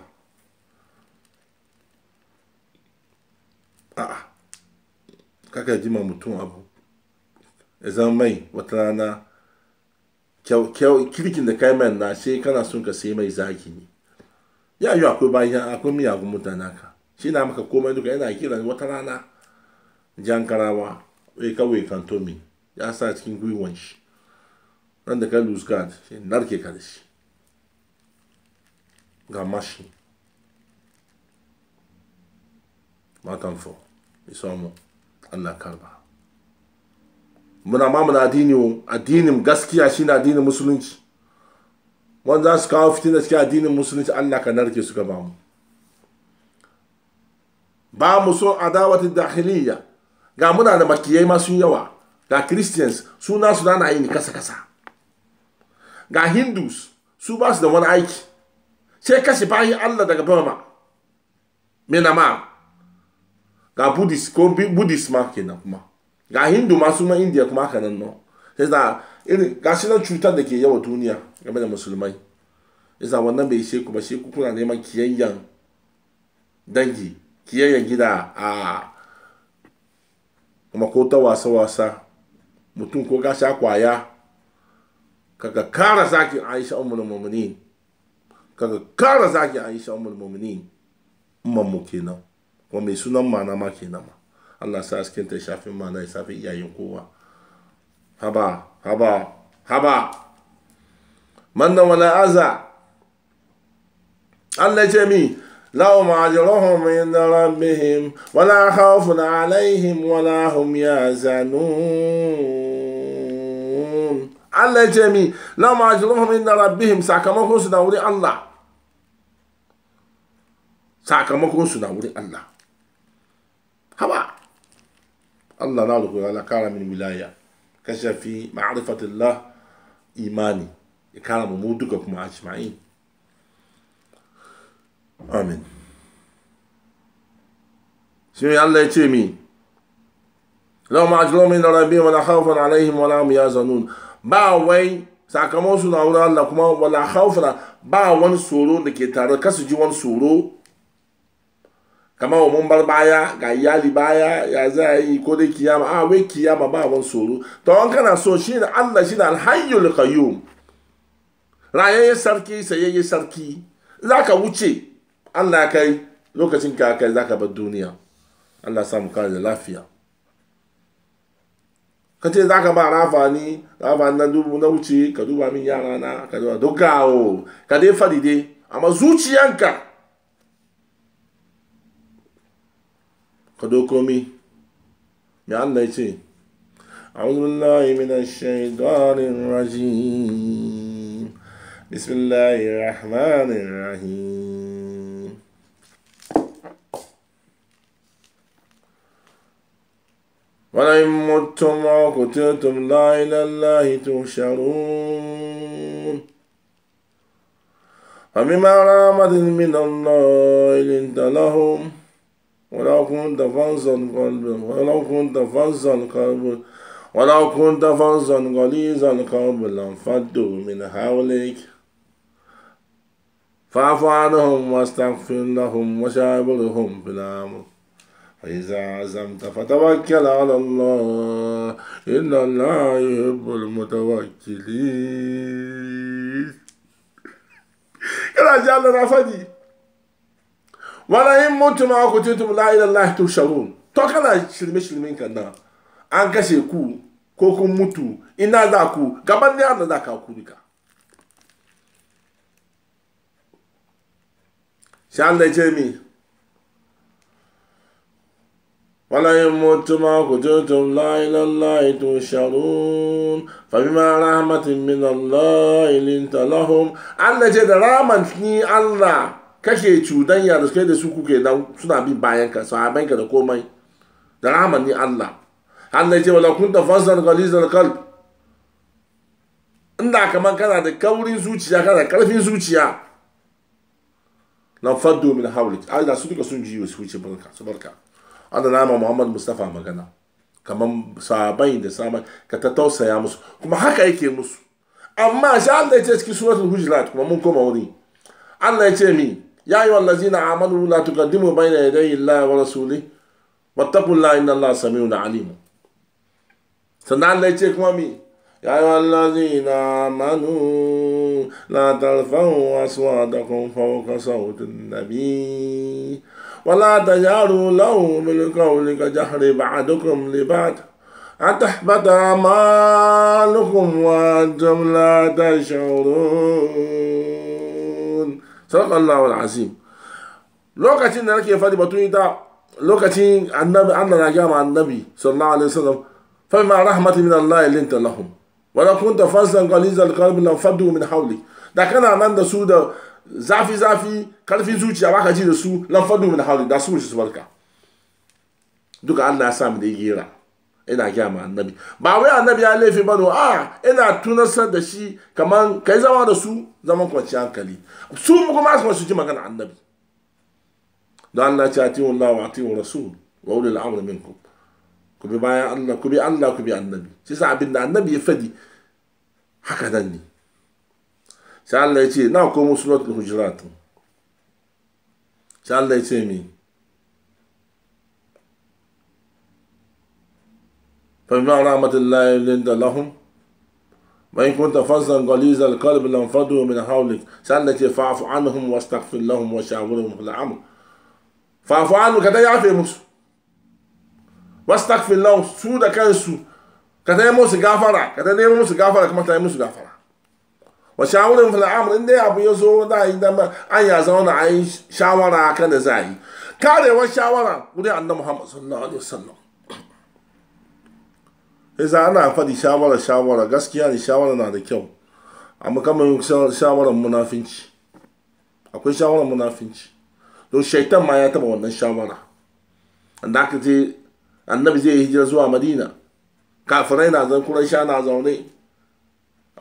a'a kaka ji ma mutum abu ya zama mai wata rana kirkin da kai mai na sai kana son ka sai mai zaki ne ya yi akwai bayan akwai miyagun mutane ka shi na maka komai duka yana kiran wata rana jankarawa wai kawai tomi ya sa cikin gwiwan shi nan da ka lose guard shi narke ka da shi ga mashi matan isomo Allah karba muna ma muna addini addinin gaskiya shine addinin musulunci wanda za su kawo fitina cikin addinin musulunci Allah ka narke su gaba mu ba mu so adawatin dahiliya ga muna da makiyai masu yawa ga christians su nasu na kasa kasa ga hindus su ba su da wani aiki sai kashe bayan Allah daga bama minama. ga buddhist ko buddhist ma kenan kuma ga hindu masu ma india kuma haka nan no sai da irin ga shi nan cutar da ke yawa duniya game da musulmai isa wannan bai ishe ku ba shi ku kuna neman kiyayyan dangi kiyayyan gida a kuma ko ta wasa-wasa mutum ko ga sha kwaya kaga kara zakin aisha ummul mu'minin kaga kara zakin aisha ummul mu'minin umman mu kenan kuma mai sunan mana ma kenan ma Allah sa askin ta shafi mana ya shafi iyayen kowa haba haba haba mannan wala aza Allah ce mi لهم أجرهم عند ربهم ولا خوف عليهم ولا هم يحزنون الله جميع لهم أجرهم عند ربهم ساكمكم سنوري الله ساكمكم سنوري الله هوى الله نالك على كان من ولاية كشف في معرفة الله إيماني كان مع أجمعين آمين شنو الله يتيمي لو ما من ربي ولا خوف عليهم ولا هم يحزنون باوي sakamakon suna wurin ولا خوفنا باوان سورو ba wani tsoro da ke kamar wa mun bar baya ga iyali baya ya za a yi ko dai kiyama a wai kiyama ba wani tsoro to an kana so shi ne allah shi ne alhayyul qayyum rayayye sarki sayayye sarki za ka wuce allah kai lokacin ka kai za ka bar duniya allah samu kare da lafiya ka ce za ka ba rafa ni rafa na dubu na wuce ka duba min yara na ka duba duk ka dai fadi dai amma zuciyanka قدوكومي مي mi يتي أعوذ بالله من الشيطان الرجيم بسم الله الرحمن الرحيم ولئن متم أو قتلتم لا إلى الله تحشرون فبما رحمة من الله لنت لهم ولو كنت فظا قلبا ولو كنت فظا قلبا ولو كنت فظا غليظ القلب لانفضوا من حولك فاعف عنهم واستغفر لهم وشاورهم في الامر فإذا عزمت فتوكل على الله إن الله يحب المتوكلين كده جعلنا فدي wala in mutum aw kutuntum la ilaha illallah tusharun to kana shirme shirmen kan nan an kashe ku ko kun mutu ina za ku gaban da Allah za ka ku duka sai Allah ya ce mi ولا يموت ما قتلتم لا إلى الله تشرون فبما رحمة من الله لنت لهم الله جد رحمة الله kake cudanya da kai da su kuke dan suna bin bayan ka sahaban ka da komai da rahman ni Allah Allah ce wala kunta fasan qalizal qalb inda kaman kana da kaurin zuciya kana da karfin zuciya na faddo min hawlik Allah su duka sun ji su wuce barka su barka Allah nama Muhammad Mustafa magana kaman sahabai da sama ka ta tausaya musu kuma haka yake musu amma sai Allah ya ce cikin suratul hujurat kuma mun koma wuri Allah ya ce min يا أيها الذين آمنوا لا تقدموا بين يدي الله ورسوله واتقوا الله إن الله سميع عليم سنعلم ليتك مامي يا أيها الذين آمنوا لا ترفعوا أصواتكم فوق صوت النبي ولا تجاروا له بالقول كجهر بعضكم لبعض أن تحبط أعمالكم وأنتم لا تشعرون sallallahu alazim lokacin da nake fadi batun ita lokacin annabi Allah na gama annabi sallallahu alaihi wasallam fa ma rahmatin min Allah linta lahum wa la kunta fasan qalizal qalbi lam faddu min hawli da kana nan da su da zafi zafi karfin zuciya baka ji da su lamfadu faddu min hawli da su shi su barka duka Allah ya sa mu da gira ina gaya ma annabi ba wai annabi ya laifi ba a ina tunasar da shi kaman kai zama da su zaman kwanci hankali su kuma su su ji magana annabi don Allah ce atiyu Allah wa atiyu rasul wa ulil amr min ku ku bi bayan Allah ku bi Allah ku bi annabi shi sa abin da annabi ya fadi haka nan ne sai Allah ya ce na komo suratul hujurat sai Allah ya ce mi فبما رحمة الله لنت لهم وإن كنت فظا غليظ القلب لانفضوا من حولك سألك فاعف عنهم واستغفر لهم وشاورهم في الأمر فاعف عنهم كذا يعفي موسى واستغفر لهم سودا كنسو كذا يموس غفرة كذا يموس غفرة كما تلا يموس غفرة وشاورهم في الأمر إن ده أبو يزور ده عندما أن يزون عيش شاورة كان زاي كذا وشاورة قل عند محمد صلى الله عليه وسلم yasa ana faɗi shawara shawara gaskiya ne shawara na da kyau amma kamar shawarar munafinci akwai shawarar munafinci don shaitan ma ya taba wannan shawara da aka ce annabi zai hijira zuwa madina kafirai na zan kurai sha na zaune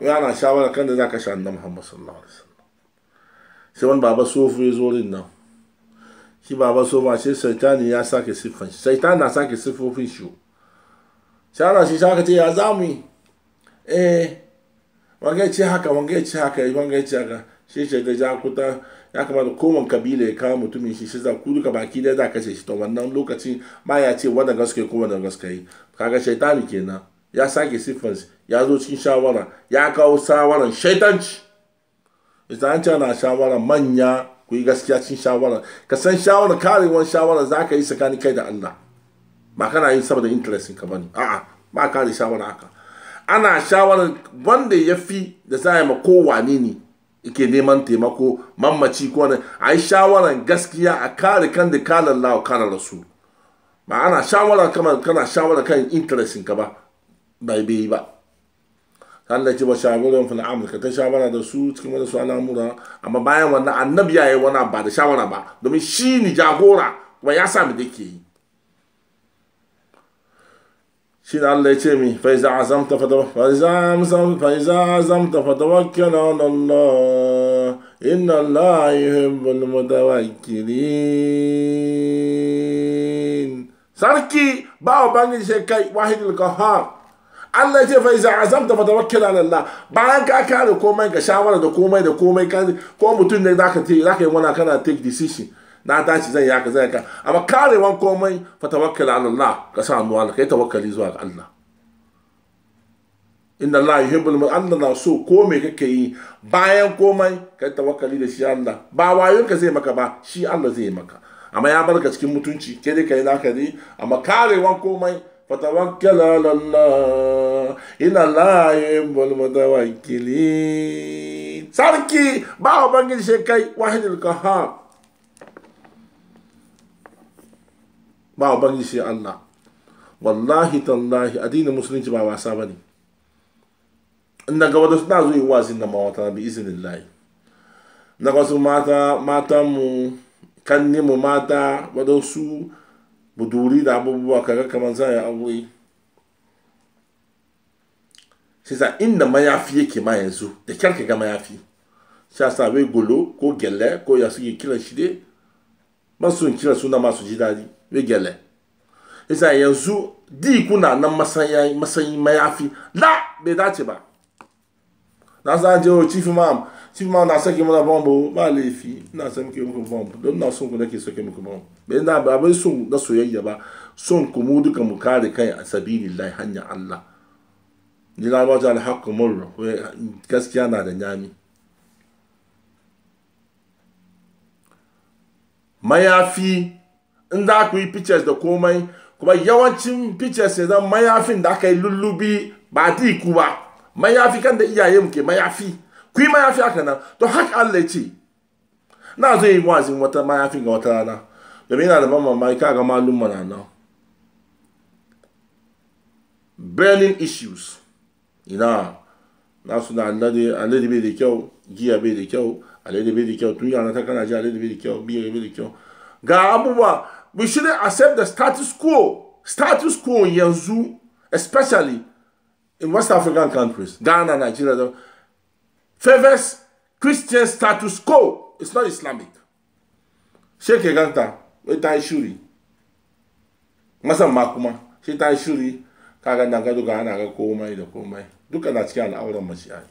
yana shawara kan da za ka sha annabi muhammad sallallahu alaihi wasallam sai wani baba sofu ya zo nan shi baba sofu a ce shaitani ya sake siffan shi na sake siffofin shi shara shi shaka ce ya za mu yi eh wanga ce haka wanga ce haka wanga ce haka shi shi da kuta ya kamata kowan kabila ya kawo mutumin shi shi za ku duka baki da za kashe shi to wannan lokacin ma ya ce wanda gaske ko wanda gaske yi kaga shaitani kenan ya sake siffans ya zo cikin shawara ya kawo shawaran shaitanci idan na shawara manya ku yi gaskiya cikin shawara ka san shawara karewan shawara za ka yi tsakanin kai da Allah ba kana yi saboda interest ka bane a'a ba ka da shawara haka ana shawara wanda ya fi da za a ma kowane ne yake neman taimako mamaci ko ne a yi shawara gaskiya a kare kan da kalan lawa kare rasu ba ana shawara kamar kana shawara kan interest ka ba bai bai ba Allah ce ba shawarar fana amurka ta shawara da su cikin wani su al'amura amma bayan wannan annabi ya yi wani ba da shawara ba domin shi ni jagora wa ya sami da ke yi shi da Allah ya ce mi fa iza azamta fa fa iza fa iza azamta fa tawakkal ala Allah inna Allah yuhibbul mutawakkilin sarki ba ubangiji sai kai wahidul qahhar Allah ya ce fa iza azamta fa tawakkal ala Allah bayan ka kare komai ka shawara da komai da komai ko mutum ne zaka ce zaka yi wani kana take decision na tashi zai yaka zai yaka amma karewan komai fa tawakkal ala Allah ka sa hannu Allah kai tawakkali zuwa ga Allah inna Allah yuhibbul mu'minina na so ko me kake yi bayan komai kai tawakkali da shi Allah ba wayonka zai maka ba shi Allah zai maka amma ya barka cikin mutunci ke dai kai naka ne amma karewan komai فتوكل على Allah إن الله يحب المتوكلين ساركي باو بانجي شكاي wahidul القهار ba bangi sai Allah wallahi tallahi addinin musulunci ba wasa ne inda ga wadansu na zuwa wasu na mawata bi izinin layi na wasu mata mu matanmu mu mata wadansu buduri da abubuwa kaga kamar za ya aure shi sa inda mayafi yake ma yanzu da kyar ka ga mayafi shi a golo ko gyalle ko ya suke kiran shi dai masu kiran suna masu ji daɗi wegele isa yanzu di kuna nan masayi mayafi la bai dace ba na sa je o chief imam chief imam na sake mana bombo ba laifi na san ki muku bombo don na son ku nake sake muku bombo bai na ba bai so na soyayya ba son ku mu duka mu kare kai a sabilillahi hanya Allah ni na baja al haqqu gaskiya na da nyami mayafi in za ku yi pictures da komai kuma yawancin pictures ya zama mayafin da aka yi lullubi ba ku ba mayafi kan da iyaye muke mayafi ku yi mayafi haka nan to haka Allah ya ce na zo yi wazin wata mayafin ga wata rana domin yana da mamman ka ga malum mana nan Berlin issues ina na suna alade bai da kyau giya bai da kyau alade bai da kyau tun yana ta kana ji alade bai da kyau biya bai da kyau ga abubuwa we shouldn't accept the status quo. Status quo yanzu, especially in West African countries, Ghana, Nigeria, favors Christian status quo. It's not Islamic. Sheikh Eganta, Etan Shuri, Masa Makuma, Shetan Shuri, kaga nan ga duka ana ga komai da komai duka na cikin al'auran mace ai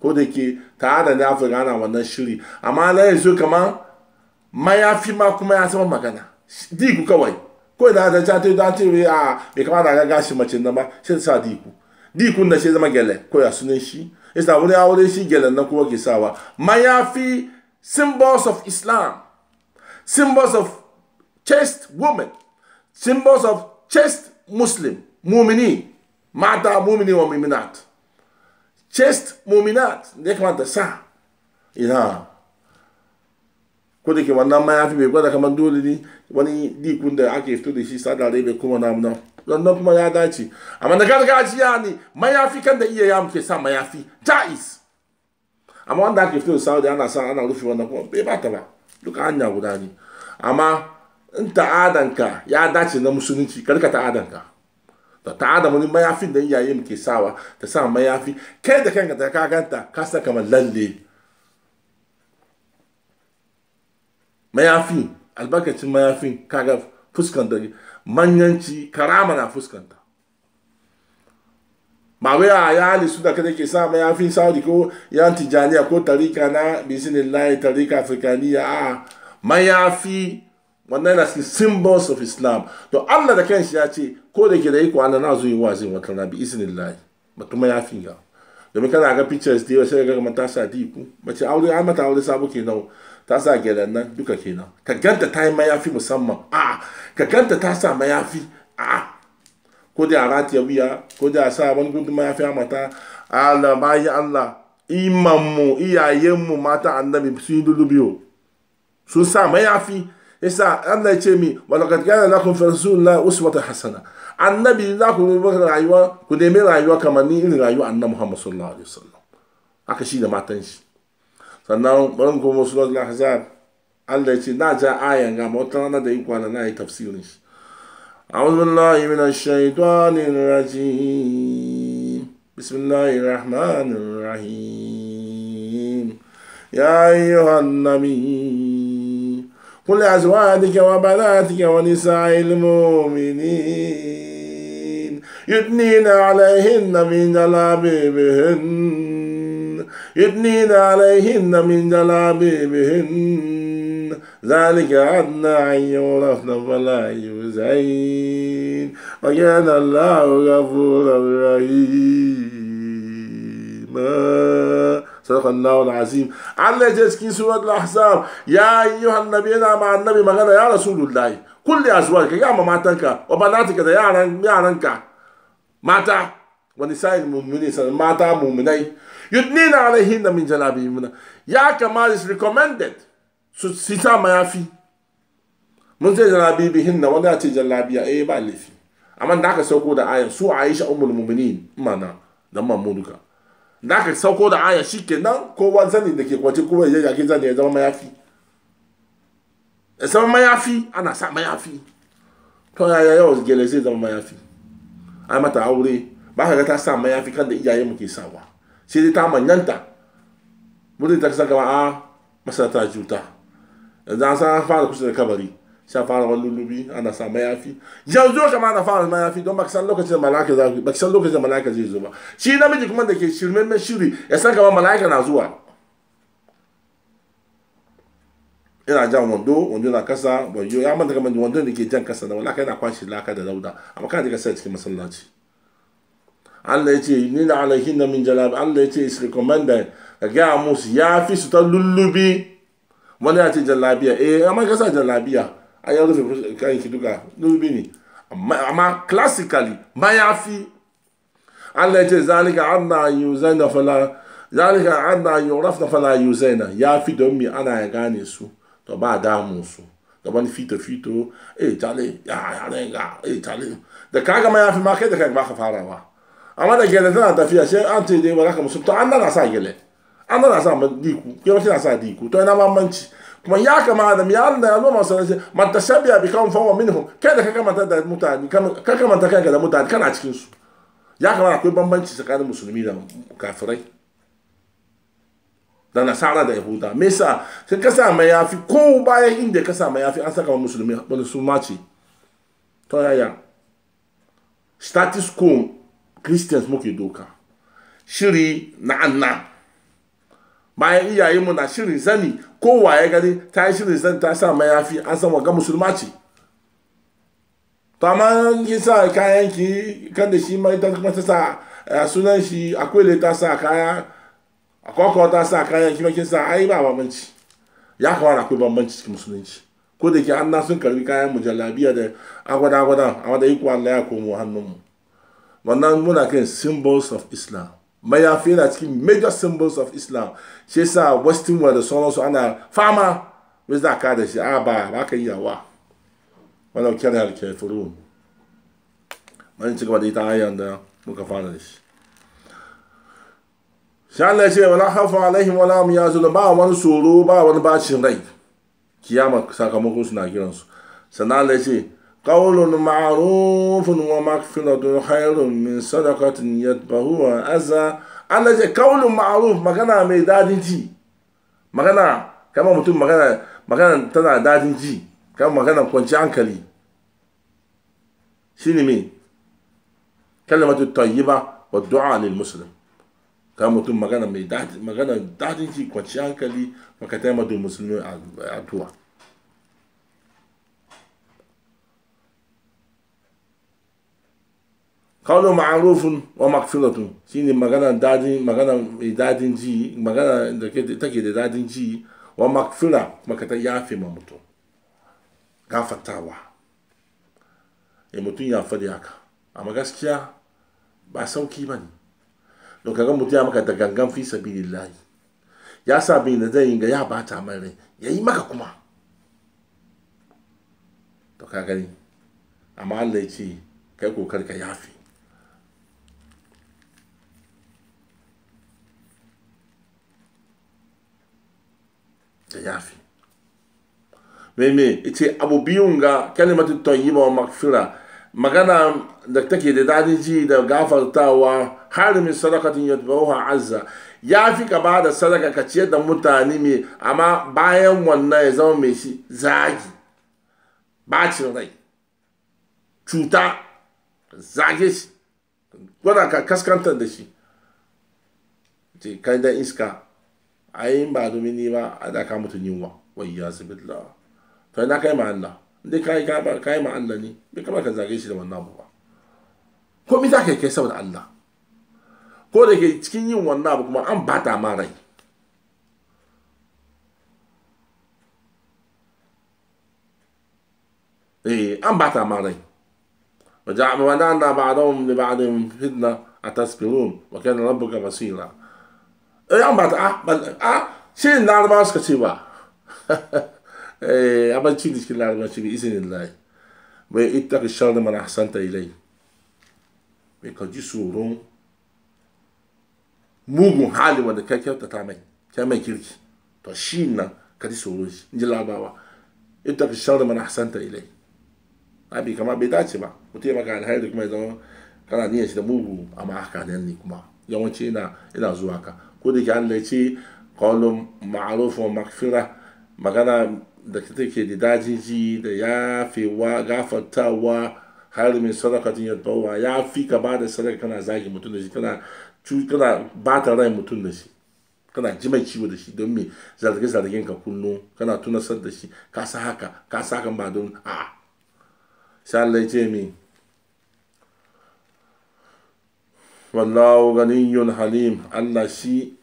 ko da ke wannan shiri amma na kamar mayafi ma kuma ya zama magana diku kawai ko da ta ta ta ta a bai kamata ga gashi mace nan ba sai ta sa diku dikun da sai zama gele ko ya sunan shi isa wani aure shi gelen nan kuma ke sawa mayafi symbols of islam symbols of chaste woman symbols of chaste muslim mumini mata mumini wa muminat chaste muminat da ya kamata sa ina ko da ke wannan mayafi bai gwada kama dole ne wani likun da ake fito da shi sada rebe kuma namuna wannan kuma ya dace amma na gargajiya ne mayafi kan da iya yamu ke sa mayafi jais amma wanda ake fito da saudi ana sa ana rufe wannan kuma bai bata ba duka hanya guda ne amma in ta'adanka ya dace na musulunci karka ta'adanka da ta'ada wani mayafin da iyaye muke sawa ta sa mayafi kai da kanka ta kaganta ka kamar lalle mayafi albarkacin mayafin kaga fuskanta manyanci karama na fuskanta ba wai a yali su da kada ke sa mayafin saudi ko yan tijaniya ko tarika na bisinin layi tarika afrikaniya a mayafi wannan na cikin symbols of islam to allah da kanshi ya ce ko da ke da iko allah na zuwa yi wazin wata na bi isinin layi batu mayafin domin kana ga pictures da yau sai ga matasa diku mace aure an mata aure sabo nau ta sa gyaran nan duka kenan ka ganta ta yi mayafi musamman a ka ganta ta sa mayafi a ko da ratiya wuya ko da sa wani gudun mayafi a mata Allah yi Allah imanmu iyayenmu mata annabi su yi biyu sun sa mayafi yasa Allah ya ce mi walaqad na kun fi rasulillahi uswatun hasana annabi za ku nemi rayuwa ku nemi rayuwa kamar ni irin rayuwa annabi muhammadu sallallahu alaihi wasallam shi da matan shi sannan bari kuma wasu lahzab Allah ya ce na ja ayan ga wata rana da yi kwana na yi tafsirin shi أعوذ بالله من الشيطان الرجيم بسم الله الرحمن الرحيم يا أيها النبي قل لأزواجك وبناتك ونساء المؤمنين يدنين عليهن من جلابيبهن يدنين عليهن من جلابيبهن ذلك عدنا أن يعرفن فلا يؤذين وكان الله غفورا رحيما صدق الله العظيم على جزكي سورة الأحزاب يا أيها النبي أنا مع النبي ما قال يا رسول الله كل أزواجك يا مماتك وبناتك يا يا ماتا ونساء المؤمنين ماتا مؤمنين yudnina alaihinna min jalabibina ya kama is recommended su sita mayafi mun ce jalabibihinna wani ya ce jalabiya eh ba laifi amma da aka sauko da ayan su aisha ummul mu'minin mana da mamuduka da aka sauko da ayan shikenan kowa zani da ke kwace kowa ya yake zani ya zama mayafi ya zama mayafi ana sa mayafi to yaya yawan gele zai zama mayafi ai mata aure ba ka ga ta sa mayafi kan da iyayen mu ke sawa sai dai ta manyanta mutum ta san gaba a ah, masa ta juta yanzu an san fara kusa da kabari sai fara wani lulubi ana sa mayafi yanzu kama ana fara mayafi don baki san lokacin da malaka za baki san lokacin da malaka zai zo ba shi namiji kuma da ke mai shiri ya san kama malaka na zuwa ina jan wando wando na kasa wando ya manta kamar wando da ke jan kasa da walaka yana kwashi laka da lauda amma kana da sai cikin masallaci Allah ya ce ni na alaihin na min jalabi Allah ya ce is recommended ka gaya musu ya fi su ta lullubi wani ya ce jalabiya eh amma ka sa jalabiya a yau rufe kayan ki duka lullubi ne amma classically ma ya fi Allah ya ce zalika anna yuzaina fala zalika anna yurafna fala yuzaina ya fi don mi ana ya gane su to ba damu su da wani fito fito eh tale ya ya ga eh tale da kaga ma ya fi ma kai da kai ba ka farawa أما إذا كانت أنا دافيا سي أنت دي وراك مسوت أنا أنا ساجل أنا أنا سام ديكو كيف أنا سام ديكو تو طيب، أنا ما منش ما ياك ما هذا ميال ده لو ما سام ما تسبب يا بكم فهم منهم كذا كذا ما تدا متعني كم كذا ما تكان كذا متعني كان أشكنس ياك ما أقول بام منش سكان المسلمين كافرين da nasara da yahuda me yasa sai ka sa mai yafi ko bayan inda ka sa mai yafi an saka musulmi wani su mace status quo christians muke doka shiri na anna bayan iyayenmu na shirin zani kowa ya gani ta yi shirin zani ta sa mayafi an san ga musulma ce to amma ki sa kayan ki kan da shi mai ta kuma ta sa eh, sunan shi akwai ta sa kaya akwakwa ta sa kayan ki kin sa ai ba bambanci ya kawara akwai bambanci cikin musulunci ko da ke an sun karbi kayan mujallabiya da agwada-agwada a wada iko Allah ya komo hannunmu wannan muna kan symbols of islam mayafi yana cikin major symbols of islam shi sa western world da sauransu ana fama mai za da shi a ba ba ka yi yawa wannan kyan alkafirun wani ci da ita hanyar da muka fara da shi shi an lashe wani hafa alaihim wani amu ya zulu ba wani tsoro ba wani bacin rai kiyama sakamakon suna kiransu sannan lashe قول معروف ومغفرة خير من صدقة يتبعها أزا أنا قول معروف ما كان مي دادينجي ما كان كما متوم ما كان ما كان تنا دادينجي كما كان كونشي أنكلي شنو مين كلمة الطيبة والدعاء للمسلم كم متوم ما كان مي داد ما كان دادينجي كونشي أنكلي ما كان تنا مدو مسلم أدوات kawo ma'arufin wa makfilatun shine magana dadin magana mai dadin ji magana da take da dadin ji wa makfila maka ta yafe ma mutum gafatawa ya e, mutum ya faɗi haka amma gaskiya ba sauki ba ne don mutum ya maka da gangan fi lillahi ya sa bin da zai yi ga ya bata mai rai ya yi maka kuma to ka gani amma Allah ya ce kai kokar ka yafe ya yafi meme ite abubuwan ga kalimatu tayyiba magfira magana da take da dadin ji da gafartawa harimin sadakatin yatbauha azza yafi ka bada da sadaka ka ciyar da mutane mai amma bayan wannan ya zama mai shi zagi bacin rai cuta zage shi ka kaskantar da shi kai da iska ayin ba domin ni ba a da ka mutu yunwa wai ya zubilla to na kai ma inda kai ka ba kai ma ne bai kama ka zage shi da wannan abu ba ko mita za ka kai saboda Allah ko da ke cikin yin wannan abu kuma an bata ma rai eh an ba bata ma rai وجعل ونعنا بعضهم لبعض فتنة أتسبرون وكان yi بصيرا yan eh, ba ta ah, a ah, shi laraba suka ce ba eh abanci da cikin laraba shi bi izinin lai bai ita ka shar da mana hasanta ilai bai ka ji tsoron mugun hali wanda ka kyautata mai ka mai kirki to shi na ka ji tsoron shi ji labawa ita ka shar da mana hasanta ilai abi kama bai dace ba mutum ya maka alhairi kuma ya ni kana niyyar shi da mugu amma haka nan ne kuma yawanci ina zuwa ka ko da ke Allah ya ce qawlun ma'ruf wa magana da take da ji da ya wa gafartawa har min sadaqatin yadbawa ya fi ka ba da sadaka kana zagi mutum da shi kana ba ta rai mutum da shi kana ji mai ciwo da shi don me zarge zargen ka kullum kana tunasar da shi ka sa haka ka sa haka ba don a'a sai ya ce min wallahu ganiyun halim Allah shi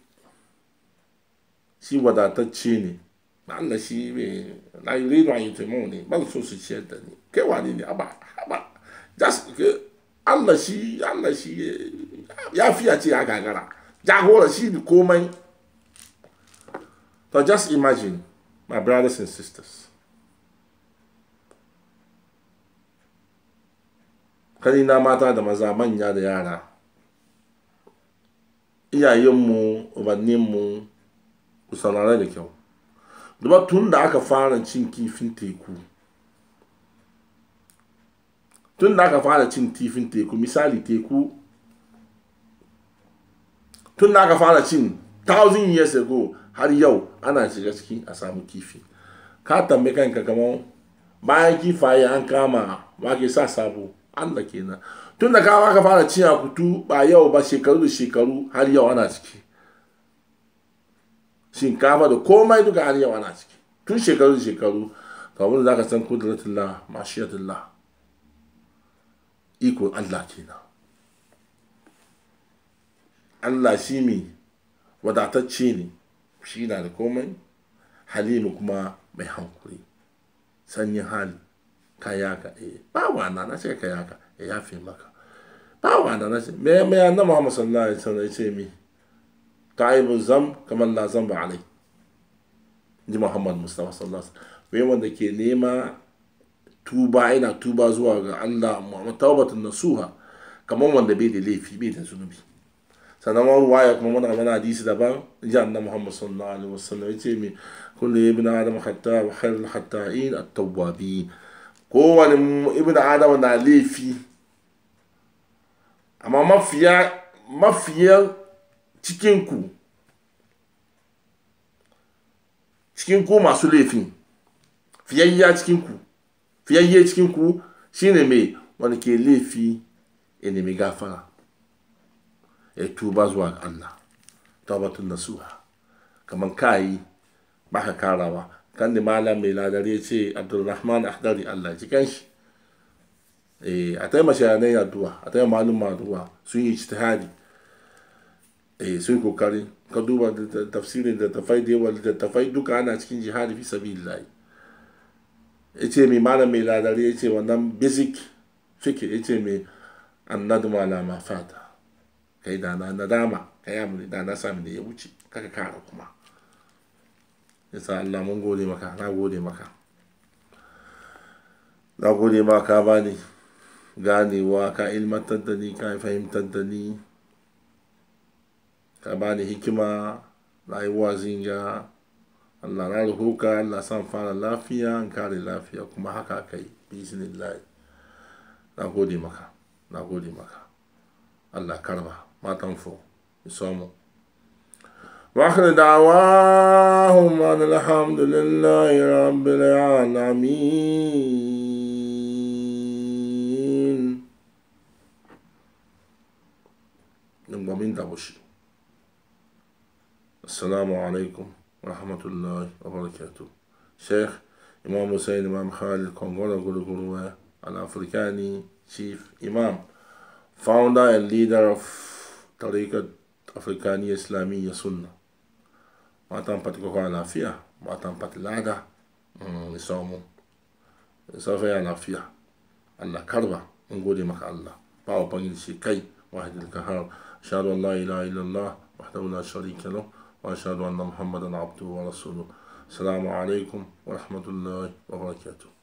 shi wadatacce ne Allah shi mai la yuridu yi yutimu ne ba su su ciyar da ni kai wani ne aba aba just Allah shi Allah shi ya fiya ce ya gagara jagora shi ne komai to just imagine my brothers and sisters kanina mata da maza manya da yara iyayenmu ubanninmu ku saurara da kyau duba tun da aka fara cin kifin teku tun da aka fara cin kifin teku misali teku tun da aka fara cin thousand years ago har yau ana shiga ciki a samu kifi ka tambayi kanka kamar bayan kifaye an kama ma ke sa sabo allah kenan tun da kawo aka fara cinya kutu ba yau ba shekaru da shekaru har yau ana ciki shinkafa da komai duka har yau ana ciki tun shekaru da shekaru ka wani za ka san kudratullah mashiyatullah ikon allah kenan allah shi mi wadatacce ne shi na da komai halimu kuma mai hankuri sanyin hali kayaka eh ba wana na ce kayaka ya yafe maka ba wanda na ce me me annabi Muhammad sallallahu alaihi wasallam ya mi ta'ibu zam kamar la zamba alai ji Muhammad Mustafa sallallahu alaihi wasallam wanda ke nema tuba ina tuba zuwa ga Allah Muhammad tawbatun nasuha kamar wanda bai da laifi bai da zunubi sannan wani waya kuma muna mana hadisi daban ji annabi Muhammad sallallahu alaihi wasallam ya mi kullu ibnu adam hatta wa khairul hatta'in at-tawwabin kowane ibnu adam na laifi amma mafiya cikinku cikinku masu laifin fiyayya cikinku fiyayye cikinku shine mai wani ke laifi ya e nemi gafara ya e tuba zuwa Allah taubatun nasuha kamar kayi ba ka karawa kan da malam mai ya ce abdulrahman ahdari Allah cikin shi. Eh, a taya mashayanai addu'a a taya maluma addu'a sun yi ijtihadi eh sun kokari ka duba da tafsirin da tafai da yawa da tafai duka ana cikin jihadi fi sabilillah yace mai malam mai ladari yace wannan basic fike yace mai annadma la ma fata kai da na nadama kai amri da na sami da ya wuce kaka kara kuma yasa Allah mun gode maka na gode maka na gode maka bani ganewa ka ilmantar da ni ka fahimtar da ni ka bani hikima rayuwa zinga allah na ruhuka allah san fara lafiya an kare lafiya kuma haka kai bisnillahi na gode maka na gode maka allah karba matan fo isomo واخر دعواهم ان الحمد لله رب العالمين نبقى مين دعوشي السلام عليكم ورحمة الله وبركاته شيخ إمام حسين إمام خالد كونغولا Gurugurua, an Afrikani chief imam, founder and leader of Tariqat Afrikani Islamiyya Sunnah. Matan pati koko alafia, matan pati lada, nisomo. Nisofe alafia, Allah karba, ngode maka Allah. Pao pangil shi kai, wahidil kahar. أشهد أن لا إله إلا الله وحده لا شريك له وأشهد أن محمدا عبده ورسوله السلام عليكم ورحمة الله وبركاته